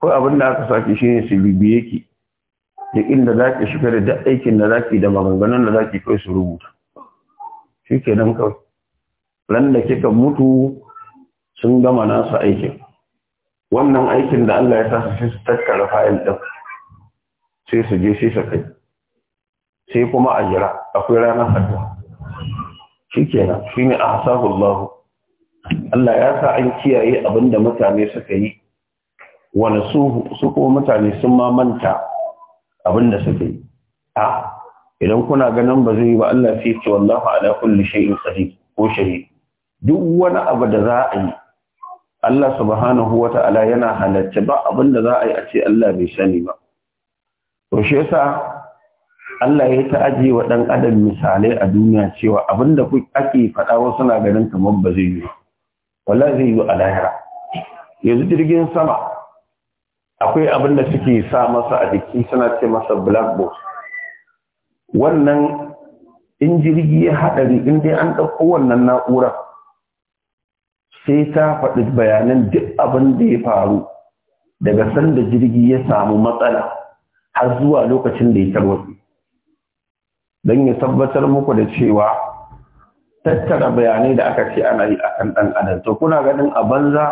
ko abin da aka sake shine su bibiye ki da inda za ki shiga da duk aikin da za ki da maganganun da za ki kai su rubuta shi ke nan kawai ran da kika mutu sun gama nasu aikin wannan aikin da Allah ya sa su su takkara fa'il ɗin sai su je sai su kai sai kuma a jira akwai ranar addu'a. shi ke nan shi ne a hasahullahu Allah ya sa an kiyaye abin da mutane suka yi wani su ko mutane sun ma manta abin da suke yi a idan kuna ganin ba zai yi ba Allah sai ce wallahu ala kulli shay'in qadir ko shahid duk wani abu da za a yi Allah subhanahu wata'ala yana halarci. ba abinda za a yi a ce Allah bai sani ba to shi yasa Allah ya ta'aji wa dan adam misalai a duniya cewa abinda da ake faɗa wasu na ganin kamar ba zai yi wallahi zai yi a lahira yanzu jirgin sama akwai abin da suke sa masa a jiki suna ce masa black box wannan in jirgi ya haɗari in dai an ɗauko wannan na'urar sai ta faɗi bayanan duk abin da ya faru daga sanda jirgi ya samu matsala har zuwa lokacin da ya tarwatsi don ya tabbatar muku da cewa tattara bayanai da aka ce ana yi a kan ɗan adam to kuna ganin a banza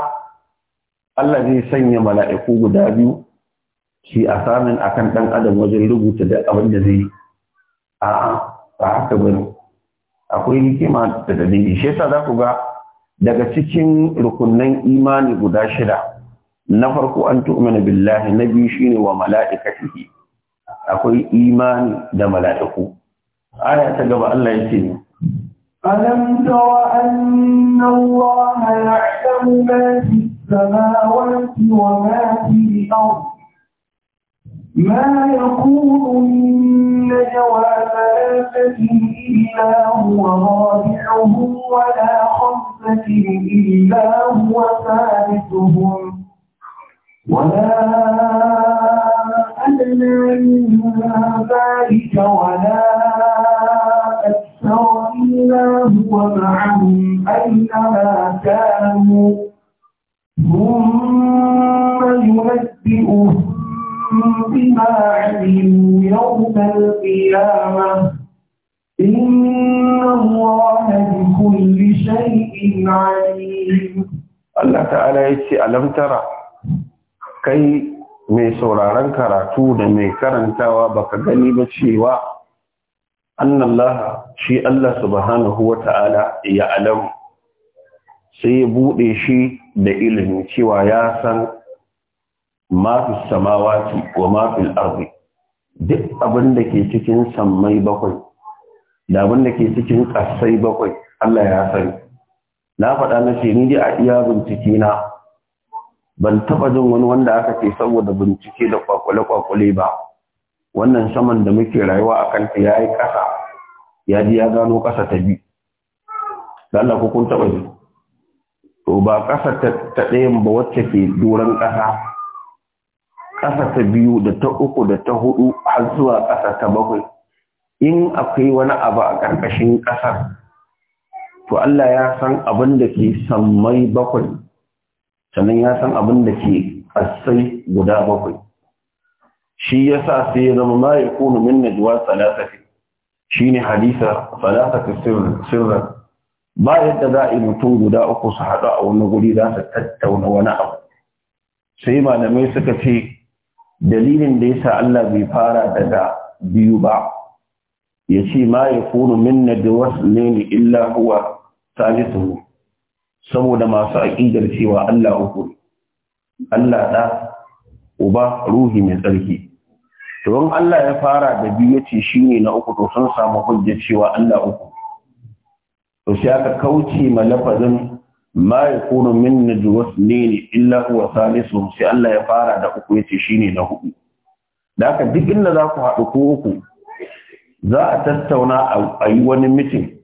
Allah zai sanya mala'iku guda biyu shi a samun akan ɗan adam wajen rubuta da abin da zai a ba haka bane akwai hikima da dalili shi yasa za ku ga daga cikin rukunnan imani guda shida na farko an tu'mina billahi na biyu shine wa mala'ikatihi akwai imani da mala'iku aya ta gaba Allah ya ce ne tara anna أن ya'lamu ma fi السماوات وما في الأرض ما يكون من نجوى ثلاثة إلا هو رابعهم ولا خمسة إلا هو ثالثهم ولا أدنى من ذلك ولا أكثر إلا هو معهم أينما كانوا ثم ينبئهم بما عملوا يوم القيامة إن الله بكل شيء عليم الله تعالى يتي ألم ترى كي mai sauraron karatu da mai karantawa baka gani ba cewa annallaha shi Allah subhanahu Ta'ala. ya alamu sai ya buɗe shi da ilimin cewa ya san mafi samawaci ko mafi arzi duk abin da ke cikin sammai bakwai da abin da ke cikin ƙasai bakwai Allah ya sani na faɗa na ce ni dai a iya bincike na ban taɓa jin wani wanda aka ce saboda bincike da kwakwale-kwakwale ba wannan saman da muke rayuwa a kanta ya yi ƙasa ya ji ya gano ƙasa ta bi. da Allah ko kun taɓa ji To ba ƙasa ta ɗayan ba wacce ke doron ƙasa ƙasa ta biyu da ta uku da ta hudu har zuwa ƙasa ta bakwai in akwai wani abu a ƙarƙashin ƙasar to Allah ya san abin da ke sammai bakwai sannan ya san abin da ke asai guda bakwai shi ya sa sai ya zama ma ya kunu min Shi ne shine hadisa salasati sirra ba yadda za a yi mutum guda uku su haɗu a wani guri za su tattauna wani abu sai malamai suka ce dalilin da yasa Allah bai fara daga biyu ba ya ce ma ya da min ne illa huwa salisuhu saboda masu aƙidar cewa Allah uku Allah ɗa uba ruhi mai tsarki to Allah ya fara da biyu ya ce shine na uku to sun samu hujja cewa Allah uku to shi aka kauce ma lafazin ma kuno min ne illa huwa Salisu. sai Allah ya fara da uku ya ce shi ne na hudu da aka duk inda za ku haɗu ko uku za a tattauna a yi wani mitin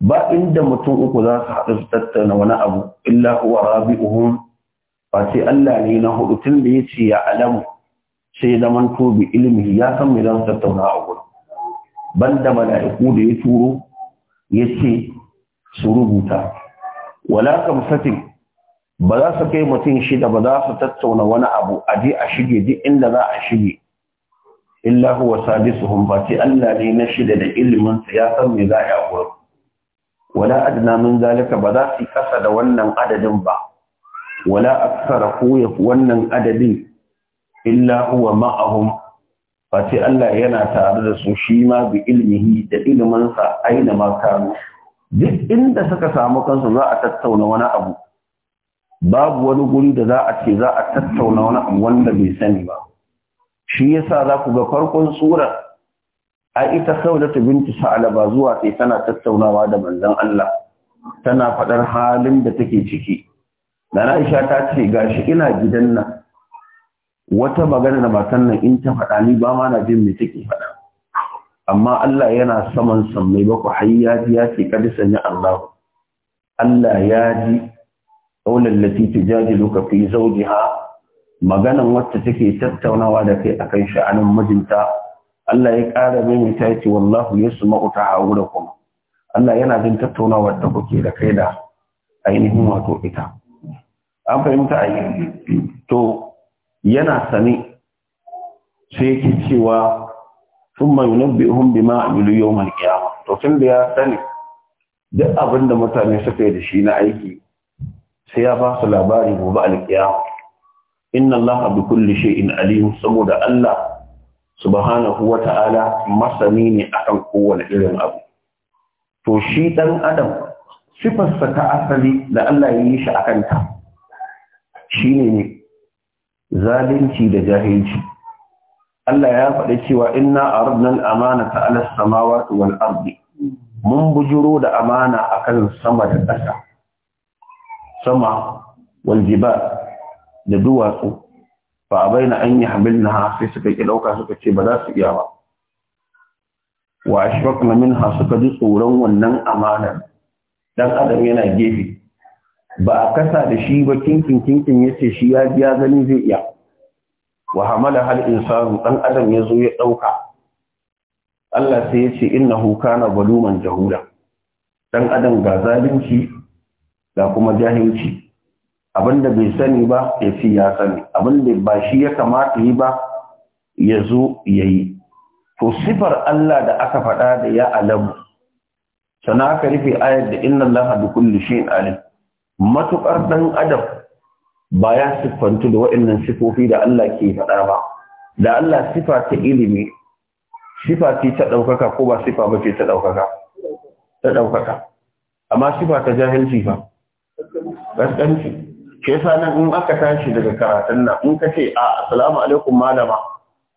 ba inda mutum uku za su haɗu su tattauna wani abu illa huwa uhun ba sai Allah ne na hudu tun da ya ce ya alamu sai zaman tobi ilimi ya san me za su tattauna a Ban banda mala'iku da ya turo ya ce. su rubuta wala kamsatin ba za su kai mutum shida ba za su tattauna wani abu a je a shige duk inda za a shige illa huwa sadisuhum ba ce Allah ne na shida da ilimin sa ya san me za a yi wala adna min zalika ba za su kasa da wannan adadin ba wala aksara ko wannan adadin illa huwa ma'ahum ba ce Allah yana tare da su shi ma bi ilmihi da ilimin sa aina ma kanu duk inda suka samu kansu za a tattauna wani abu babu wani guri da za a ce za a tattauna wani abu wanda bai sani ba shi yasa za ku ga farkon tsura a ita saudatu sa'ala ba zuwa sai tana tattaunawa da manzon Allah tana faɗar halin da take ciki Nana Aisha ta ce gashi ina gidan nan wata magana da matan nan in ta faɗa ni ba ma na jin me take faɗa amma Allah yana saman sammai bakwai har ya ji ya ce kada sanya Allah Allah ya ji qaulan lati tujadiluka fi zawjiha maganan wacce take tattaunawa da kai akan sha'anin mijinta Allah ya ƙara mai ta ce wallahu yasma'u kuma. Allah yana jin tattaunawa da kuke da kai da ainihin wato ita an fahimta ainihin to yana sani sai yake cewa ثم ينبئهم بما عملوا يوم القيامة to tun biya sani duk abin da mutane suka yi da shi na aiki sai ya ba su labari gobe alkiyama inna Allah bi kulli shay'in alim saboda Allah subhanahu wa ta'ala masani ne akan kowane irin abu to shi dan adam sifarsa ta asali da Allah ya yi shi akan ta shine ne zalunci da jahilci Allah ya faɗi cewa inna aradna al-amanata ala as-samawati wal ardi mun bujuro da amana akan sama da ƙasa sama wal jibal da duwatsu fa baina an yahmilnaha sai suka ki dauka suka ce ba za su iya ba wa ashfaqna minha suka ji tsoron wannan amanar dan adam yana gefe ba a kasa da shi ba kinkin kinkin yace shi ya biya gani zai iya wa hamala hal insanu dan adam ya zo ya dauka Allah sai ya ce innahu kana zaluman jahula dan adam ga zalunci ga kuma jahilci abinda bai sani ba ya fi ya sani abinda ba shi ya kamata yi ba yazo yayi to sifar Allah da aka faɗa da ya alamu sana aka rufe ayar da inna Allah bi kulli shay'in alim matukar dan adam ba ya siffantu da waɗannan sifofi da Allah ke faɗa ba da Allah sifa ta ilimi sifa ce ta ɗaukaka ko ba sifa ba ce ta ɗaukaka ta ɗaukaka amma sifa ta jahilci ba. ƙasƙanci ke sa nan in aka tashi daga karatun nan in ka ce a assalamu alaikum malama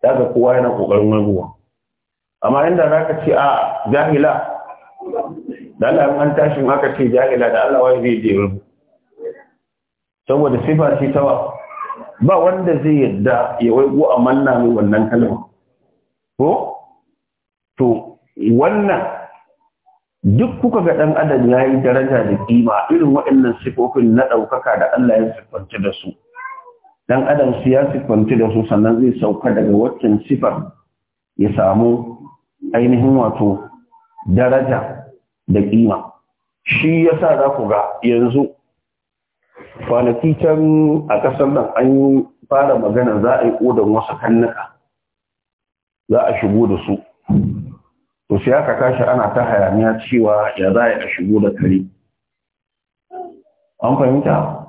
daga kowa yana ƙoƙarin warguwa amma inda za ka ce a jahila da Allah an in aka ce jahila da Allah wai zai je rubu saboda sifa ce ta ba ba wanda zai yadda ya waigo a manna mai wannan kalma ko to wannan duk kuka ga ɗan adam ya yi daraja da kima irin waɗannan sifofin na ɗaukaka da Allah ya siffanci da su ɗan adam su ya siffanci da su sannan zai sauka daga waccan sifar ya samu ainihin wato daraja da kima shi ya sa za ku ga yanzu kwanaki can a ƙasar nan an fara magana za a yi ƙodan wasu kannuka. za a shigo da su to sai aka tashi ana ta hayaniya cewa ya za a shigo da kare an fahimta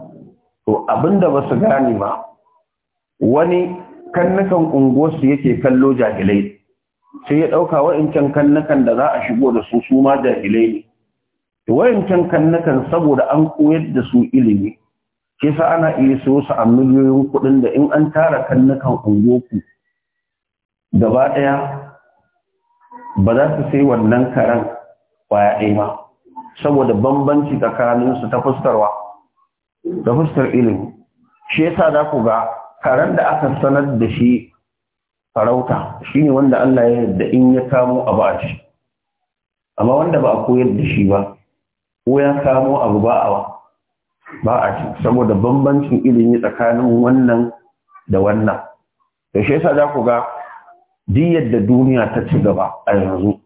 to abinda ba su gane ma wani kannukan unguwarsu yake kallo jahilai sai ya ɗauka wa'incan kannukan da za a shigo da su su ma jahilai ne wa'incan kannukan saboda an koyar da su ilimi Kisa ana iya siyo su a miliyoyin kuɗin da in an tara kannukan ungoku gaba ɗaya ba za su sai wannan karen kwaya ɗaya ba saboda bambanci tsakaninsu ta fuskarwa ta fuskar ilimi shi yasa za ku ga karen da aka sanar da shi farauta shine wanda Allah ya yarda in ya kamo abu a shi amma wanda ba a koyar da shi ba ko ya kamo abu ba a ba a ci saboda bambancin ilimi tsakanin wannan da wannan da shi yasa za ku ga duk yadda duniya ta ci gaba a yanzu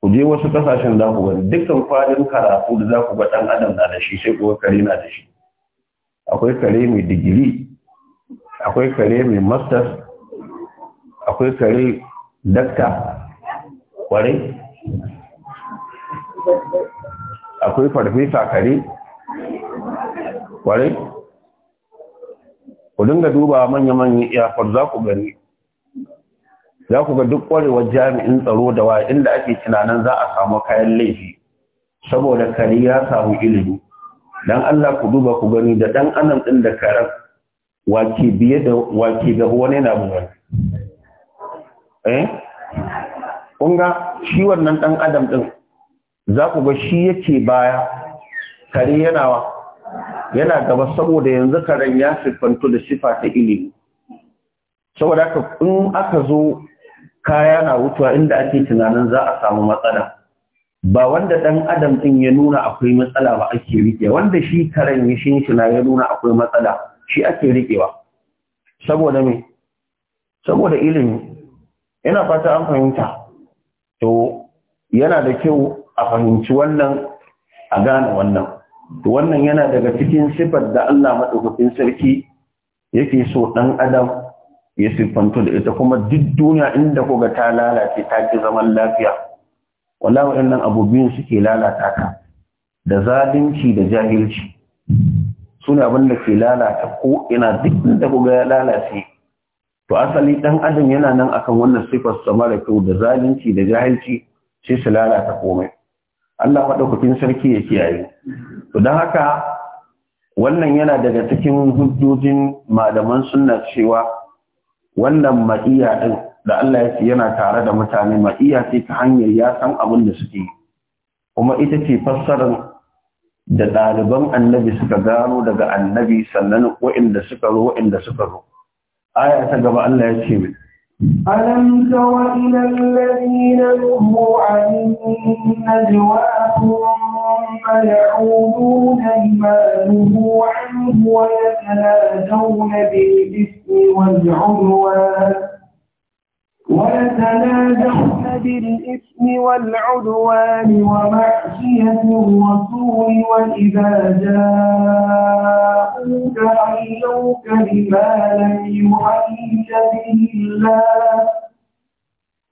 ku je wasu kasashen za ku gani dukkan fadin karatu da za ku ga dan adam na da shi sai kuwa kare na da shi akwai kare mai digiri akwai kare mai masters akwai kare dakta kwarai akwai farfesa kare kware ku dinga duba manya-manyan iyakar za ku gani za ku ga duk kwarewar jami'in tsaro da wa inda ake tunanin za a samu kayan laifi saboda kare ya samu ilimi dan Allah ku duba ku gani da dan anan din da karar wake biye da wake eh? ga wani na buwan eh kunga shi wannan dan adam din za ku ga shi yake baya kare yana yana gaba saboda yanzu karen ya siffantu da sifa ta ilimi saboda haka in aka zo kaya na wutuwa inda ake tunanin za a samu matsala ba wanda ɗan adam ɗin ya nuna akwai matsala ba ake riƙe wanda shi karen ya shinshina ya nuna akwai matsala shi ake riƙewa saboda me saboda ilimi yana fata an fahimta to yana da kyau a fahimci wannan a gane wannan wannan yana daga cikin sifar da Allah maɗaukakin sarki yake so ɗan adam ya siffantu da ita kuma duk duniya inda kuga ta lalace ta ki zaman lafiya wala wa'annan abu biyun suke lalata ka da zalunci da jahilci suna ne ke lalata ko ina duk inda koga ya lalace to asali ɗan adam yana nan akan wannan sifar sama da kyau da zalunci da jahilci sai su lalata komai Allah maɗaukakin sarki ya kiyaye. To don haka wannan yana daga cikin hujjojin malaman sunna cewa wannan ma'iya ɗin da Allah ya ce yana tare da mutane ma'iya ce ta hanyar ya san abin da suke kuma ita ce fassarar da ɗaliban annabi suka gano daga annabi sannan wa'inda suka zo wa'inda suka zo. Aya ta gaba Allah ya ce mai. ألم تر إلى الذين نهوا عن النجوى ثم يعودون لما نهوا عنه ويتناجون بالإثم والعدوان ويتنازعون بالإثم والعدوان ومعصية الرسول وإذا جاءوك حيوك بما لم يحيك به الله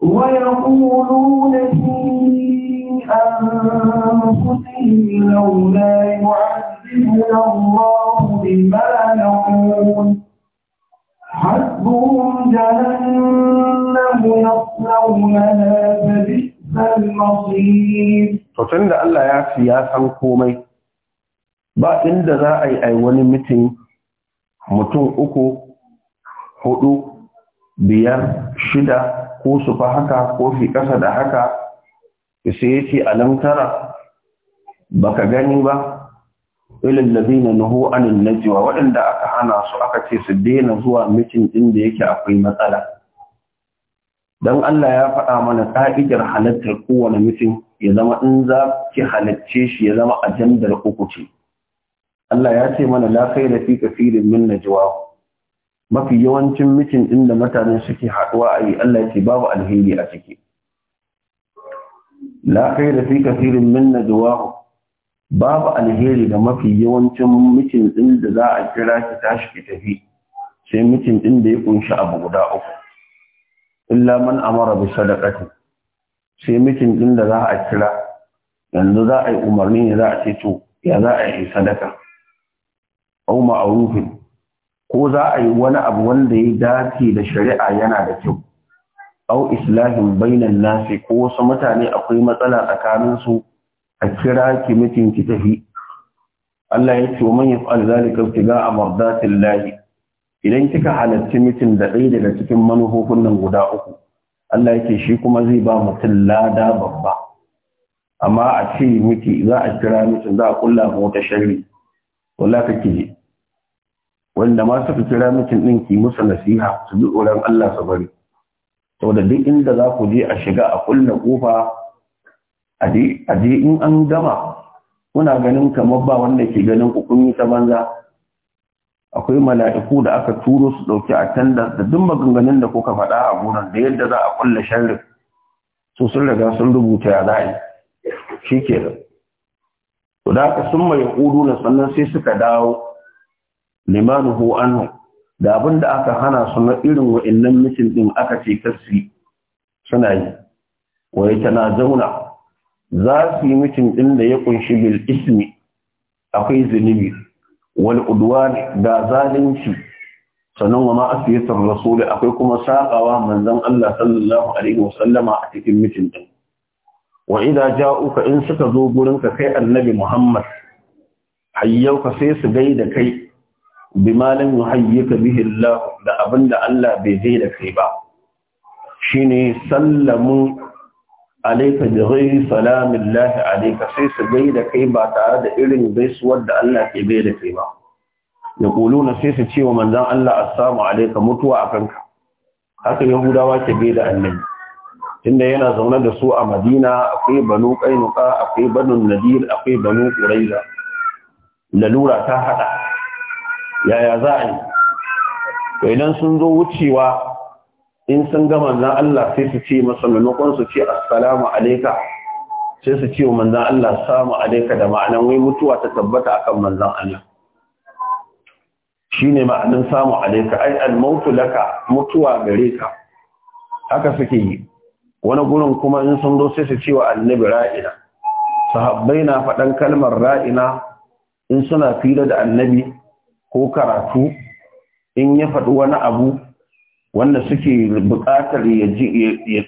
ويقولون في أنفسهم لولا يعذبنا الله بما نقول حسبهم جهنم يصلونها فبئس المصير to tunda Allah ya fi ya san komai ba inda za a yi ai wani mitin mutum uku hudu biyar shida ko su fa haka ko fi kasa da haka sai yace alantara baka gani ba ilal ladina nuhu anil najwa waɗanda aka hana su aka ce su daina zuwa mitin inda da yake akwai matsala dan Allah ya faɗa mana ka'idar halattar kowane mitin ya zama in za ki halacce shi ya zama ajandar uku ce Allah ya ce mana la da fi kathirin min najwa mafi yawancin mitin inda da mutane suke haɗuwa a yi Allah ya ce babu alheri a ciki la da fi kathirin min najwa babu alheri da mafi yawancin mutum ɗin da za a kira ki tashi ki tafi sai mutum ɗin da ya kunshi abu guda uku illa man amara bi sadaqati sai mutum ɗin da za a kira yanzu za a yi umarni ne za a ce to ya za a yi sadaka au ma'ruf ko za a yi wani abu wanda ya dace da shari'a yana da kyau au islahin bainan nasi ko wasu mutane akwai matsala tsakaninsu su a kira ki mutum ki tafi Allah ya ce man yaf'al zalika ibtiga'a mardatil lahi idan kika halarci mutum da daga cikin manufofin nan guda uku Allah yake shi kuma zai ba mutum lada babba amma a ce miki za a kira mutum za a kulla ma wata sharri walla kake ji? wanda ma suka kira mutum ɗin ki musu nasiha su bi Allah su bari saboda duk inda za ku je a shiga a kulla kofa aje aje in an gama kuna ganin kamar ba wanda ke ganin ku kun yi ta banza akwai mala'iku da aka turo su a tanda da duk maganganun da kuka faɗa a gurin da yadda za a kulla sharri su sun riga sun rubuta ya za'i shikenan to da aka sun mai na sannan sai suka dawo hu anhu da abin da aka hana su na irin wa'annan mutum din aka ce kasri suna yi wa ya tana zauna za su yi mitin ɗin da ya kunshi bil ismi akwai zunubi wal'uduwari, udwan da zalunci sannan wa ma rasuli akwai kuma saƙawa manzon Allah sallallahu alaihi wasallama a cikin mutum ɗin wa ja ja'uka in suka zo gurin ka kai annabi Muhammad hayyauka sai su gaida kai bi lam yuhayyika bihi Allah da abinda Allah bai da kai ba shine sallamu alaika bi ghairi salamin alaika sai su gai da kai ba tare da irin gaisuwar da Allah ke bai da kai ba ya na sai su ce wa manzon Allah assalamu alaika mutuwa a kanka. haka yahudawa ke bai da annabi tunda yana zaune da su a Madina akwai banu Qainuqa akwai banu Nadir akwai banu Quraiza lalura ta hada yaya za a yi to sun zo wucewa in sun ga manzan Allah sai su ce masa maimakon su ce assalamu alaika sai su ce wa manzan Allah samu alaika da ma'anan wai mutuwa ta tabbata akan manzan Allah shine ma'anan samu alaika ai al-mautu laka mutuwa gare ka haka suke yi wani gurin kuma in sun zo sai su ce wa annabi ra'ina sahabbai na faɗan kalmar ra'ina in suna fira da annabi ko karatu in ya faɗi wani abu wanda suke buƙatar ya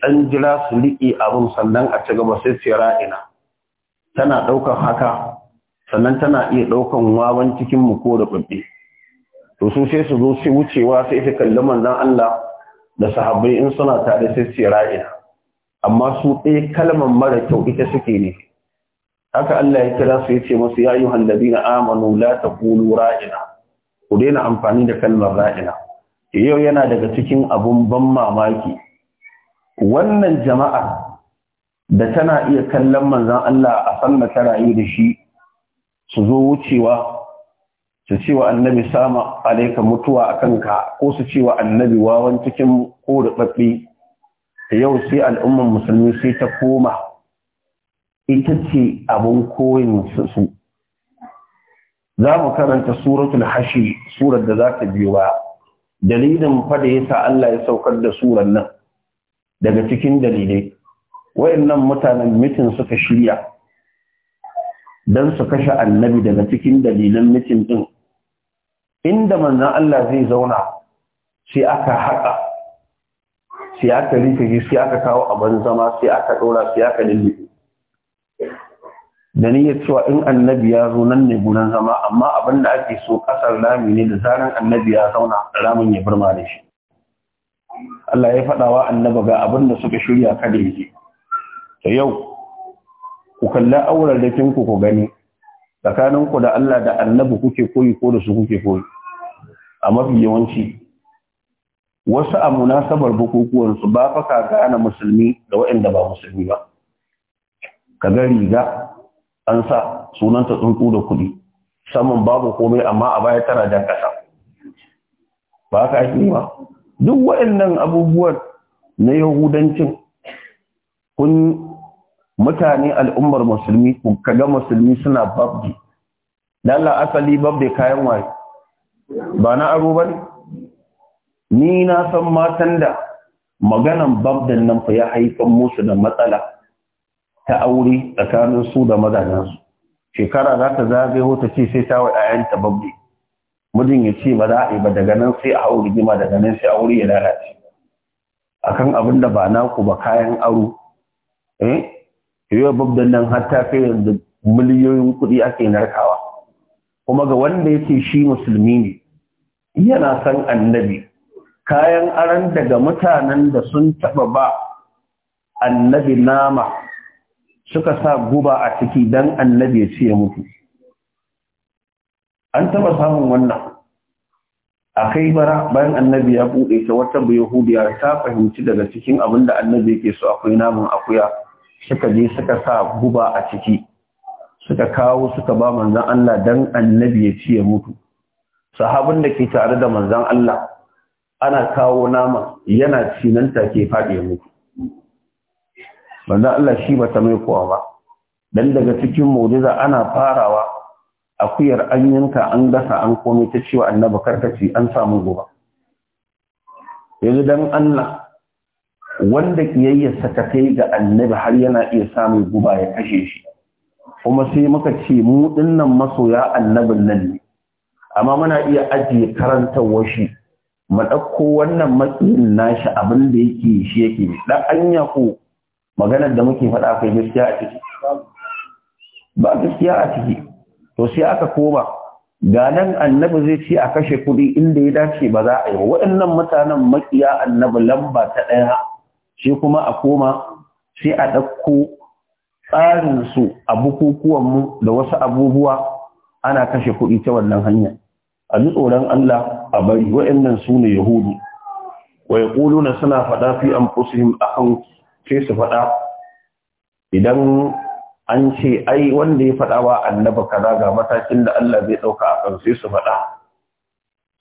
ɗan jira su liƙi abin sannan a ci gaba sai ce ra'ina tana ɗaukar haka sannan tana iya ɗaukan wawan cikin mu ko da ɓaɓɓe to su sai su zo sai wucewa sai su kalli manzan Allah da sahabbai in suna tare sai ce ra'ina amma su ɗaya kalmar mara kyau ita suke ne haka Allah ya kira su ya ce masu ya ayyuhan amanu la taqulu ra'ina ku daina amfani da kalmar ra'ina yau yana daga cikin abun ban mamaki wannan jama'a da tana iya kallon manzan Allah a sanna ta rayu da shi su zo wucewa su ce wa annabi sama alaika mutuwa a kanka ko su ce wa annabi wawan cikin ko tsabbi' yau sai al'ummar musulmi sai ta koma ita ce abun koyin su za mu karanta suratul hashi surar da za ta biyo ba dalilin fa da yasa Allah ya saukar da suran nan daga cikin dalilai wayannan mutanen mitin suka shirya dan su kashe annabi daga cikin dalilan mitin din inda manzon Allah zai zauna sai aka haka sai aka rufe sai aka kawo abin zama sai aka ɗora sai aka lulluɓe da niyyar cewa in annabi ya zo nan ne gudan zama amma abin da ake so kasar Lami ne da zaran annabi ya zauna ramin ya birma da shi Allah ya faɗa wa annaba ga abin da suka shirya kada yake to yau ku kalla auren da ku ku gani tsakanin ku da Allah da annabi kuke koyi ko da su kuke koyi a mafi yawanci wasu a munasabar bukukuwan su ba fa ka gane musulmi da waɗanda ba musulmi ba ka ga riga an sa sunanta tsuntsu da kuɗi saman babu komai amma a baya tara jan ƙasa ba ka ake ba duk waɗannan abubuwan na yahudancin kun mutane al'ummar musulmi kun kaga musulmi suna babdi lalla asali babdi kayan waye ba na aro ba ne ni na san matan da maganan babdan nan fa ya haifan musu da matsala ta aure tsakanin su da mazajensu shekara za ta zagaye ta ce sai ta wa ta babbe mijin ya ce ba za a yi ba daga nan sai a aure gima daga nan sai aure ya lalace A kan abin da ba naku ba kayan aro eh yau babban nan har ta kai yanzu miliyoyin kuɗi ake narkawa kuma ga wanda yake shi musulmi ne yana san annabi kayan aran daga mutanen da sun taɓa ba annabi nama suka sa guba a ciki dan annabi ya ce ya mutu an taba samun wannan a kai bara bayan annabi ya buɗe ta wata yahudiya ta fahimci daga cikin abinda annabi yake so akwai namun akuya suka je suka sa guba a ciki suka kawo suka ba manzon Allah dan annabi ya ci ya mutu sahabin da ke tare da manzan Allah ana kawo nama yana cinanta ke faɗi ya mutu banda Allah shi ba ta mai kowa ba dan daga cikin mu'jiza ana farawa akuyar anyanka an gasa an komai ta cewa annabi karkaci an samu goba yanzu dan Allah wanda kiyayyarsa ta kai ga annabi har yana iya samun guba ya kashe shi kuma sai muka ce mu dinnan masoya annabin nan ne amma muna iya ajiye karanta shi mu ɗauko wannan matsayin nashi abin da yake shi yake da anya ko maganar da muke faɗa kai gaskiya a ciki ba gaskiya a ciki to sai aka koma ga nan annabi zai ce a kashe kuɗi inda ya dace ba za a yi waɗannan mutanen makiya annabi lamba ta ɗaya shi kuma a koma sai a ɗauko tsarinsu a bukukuwan mu da wasu abubuwa ana kashe kuɗi ta wannan hanya a ji tsoron Allah a bari waɗannan su ne yahudu wa yaquluna suna faɗa fi anfusihim akan sai su faɗa idan an ce ai wanda ya faɗa wa annaba kaza ga matakin da Allah zai ɗauka a kan sai su faɗa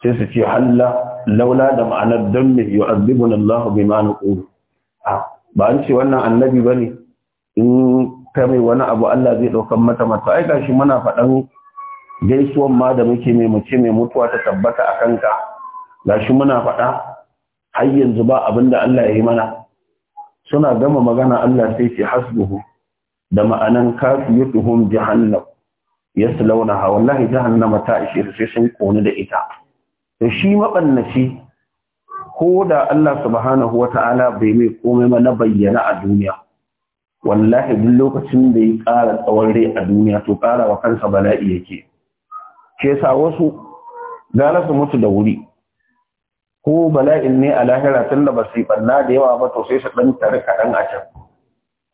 sai su ce halla laula da ma'anar dan wa azibin Allah na naqulu ba an ce wannan annabi ba ne in ta mai wani abu Allah zai ɗaukan mata mata ai gashi muna faɗan gaisuwan ma da muke mai mace mai mutuwa ta tabbata a kanka gashi muna faɗa har yanzu ba abin da Allah ya yi mana suna gama magana Allah sai ce hasbuhu da ma'anan kafiyuhum jahannam yaslawnaha wallahi jahannama ta ishe sai sun koni da ita to shi mabannaci ko da Allah subhanahu wata'ala bai mai komai ma na bayyana a duniya wallahi duk lokacin da ya ƙara tsawon rai a duniya to ƙara kansa bala'i yake ke sa wasu gara su mutu da wuri ko bala'in ne a lahira tun da ba su ɓanna da yawa ba to sai su ɗan tare kaɗan a can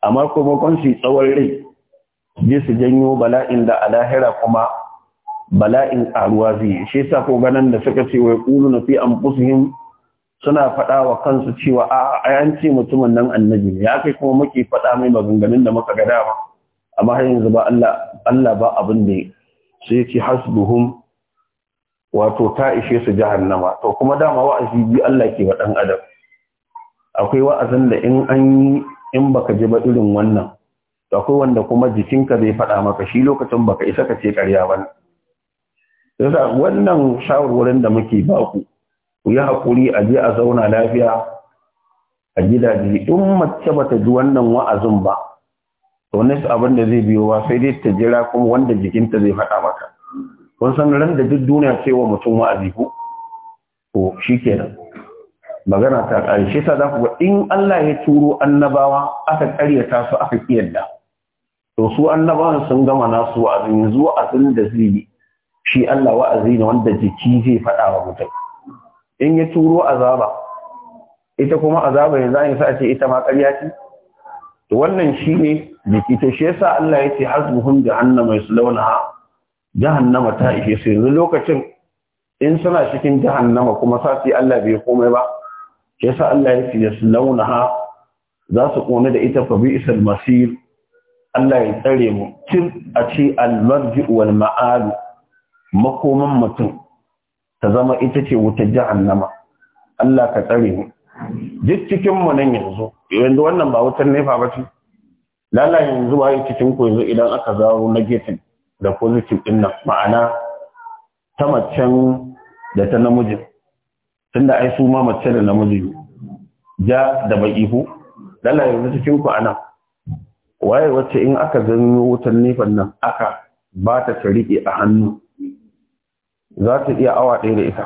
amma kuma kun su yi tsawon rai je su janyo bala'in da a lahira kuma bala'in ƙaruwa zai yi shi sa ko ganin da suka ce wai ƙulu na fi an suna faɗa wa kansu cewa a an ce mutumin nan annabi ya kai kuma muke faɗa mai maganganun da muka ga dama amma har yanzu ba Allah Allah ba abin da sai ce hasbuhum wato ta ishe su jahannama to kuma dama wa'azi bi Allah ke wa dan adam akwai wa'azin da in an in baka ji ba irin wannan to akwai wanda kuma jikinka zai faɗa maka shi lokacin baka isa ka ce ƙarya ba yasa wannan shawarwarin da muke ba ku ku yi hakuri a je a zauna lafiya a gidaje in mace ba ta ji wannan wa'azin ba to abin da zai biyo ba sai dai ta jira kuma wanda jikinta zai faɗa maka kun san ran da duk duniya ce wa mutum wa'azi ko to shikenan magana ta kare shi yasa za ku ga in Allah ya turo annabawa aka ƙaryata su aka kiyarda to su annabawan sun gama nasu wa'azin yanzu wa'azin da zai yi shi Allah wa'azi ne wanda jiki zai faɗa wa mutum in ya turo azaba ita kuma azaba yanzu an yi sa ce ita ma karya ce to wannan shine jiki to shi yasa Allah ya ce hasbuhum jahannama yaslawnaha jahannama ta ishe su yanzu lokacin in suna cikin jahannama kuma sati Allah bai komai ba ke sa Allah ya fiye su launaha za su kone da ita fabi isar masir Allah ya tsare mu cin a ce almarji wal ma'alu makoman mutum ta zama ita ce wuta jahannama Allah ka tsare mu duk cikin mu nan yanzu yanzu wannan ba wutar nefa ba ce lala yanzu yi cikin ku yanzu idan aka zaro na gefen da positive din nan ma'ana ta mace da ta namijin tunda ai su ma mace da namiji ja da baki ihu lalla yanzu cikin ku ana waye wacce in aka zanyo wutan nefan nan aka ba ta ta a hannu za ta iya awa ɗaya da ita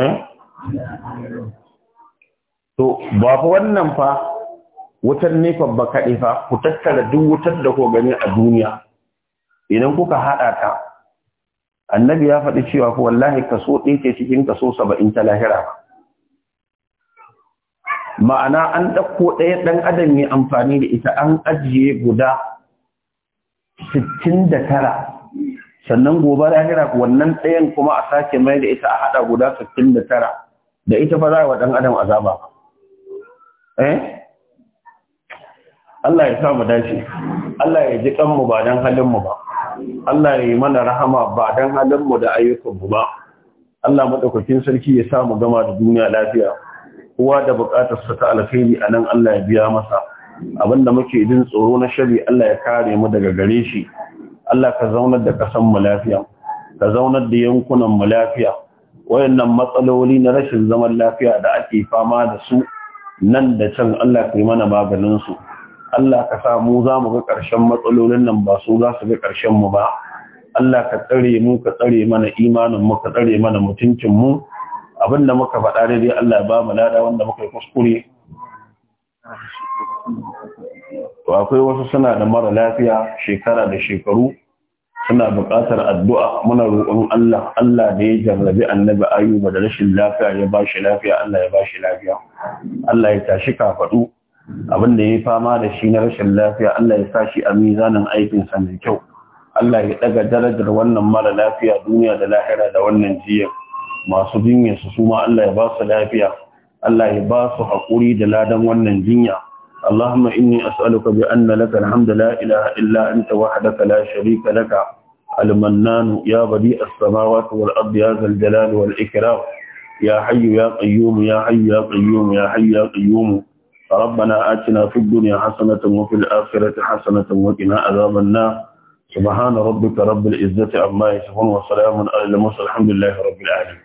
eh to ba wannan fa wutar nefa ba kaɗe fa ku tattara duk wutar da ku gani a duniya idan kuka haɗa ta annabi ya faɗi cewa ku wallahi kaso ɗaya ke cikin kaso saba'in ta lahira ba ma'ana an ɗauko ɗaya ɗan adam mai amfani da ita an ajiye guda sittin da tara sannan gobe lahira wannan ɗayan kuma a sake mai da ita a haɗa guda sittin da tara da ita fa za a yi wa ɗan adam azaba eh Allah ya sa dace Allah ya ji kanmu ba dan halin mu ba Allah ya yi mana rahama ba dan halin mu da ayyukan mu ba Allah madaukakin sarki ya samu gama da duniya lafiya kowa da bukatar sa ta alkhairi anan Allah ya biya masa abinda muke jin tsoro na shari Allah ya kare mu daga gare shi Allah ka zaunar da kasan mu lafiya ka zaunar da yankunan mu lafiya wayannan matsaloli na rashin zaman lafiya da ake fama da su nan da can Allah ka yi mana maganin su Allah ka sa mu za mu ga ƙarshen matsalolin nan ba su za su ga ƙarshen mu ba Allah ka tsare mu ka tsare mana imanin mu ka tsare mana mutuncin mu abinda muka faɗa dai Allah ba mu lada wanda muka yi kuskure to akwai wasu suna da mara lafiya shekara da shekaru suna buƙatar addu'a muna roƙon Allah Allah da ya jarrabi annabi ayuba da rashin lafiya ya ba shi lafiya Allah ya ba shi lafiya Allah ya tashi kafaɗu abin da ya fama da shi na rashin lafiya Allah ya sa shi a mizanin aikinsa mai kyau Allah ya daga darajar wannan mara lafiya duniya da lahira da wannan jiya masu jinya su suma Allah ya ba su lafiya Allah ya ba su haƙuri da ladan wannan jinya Allahumma inni as'aluka bi anna laka alhamdu la illa anta wahdaka la sharika laka al ya bari as-samawati wal ardi ya jalali wal ikram ya hayyu ya qayyum ya hayyu ya qayyum ربنا آتنا في الدنيا حسنة وفي الآخرة حسنة وقنا عذاب النار سبحان ربك رب العزة عما يصفون وسلام على المرسلين الحمد لله رب العالمين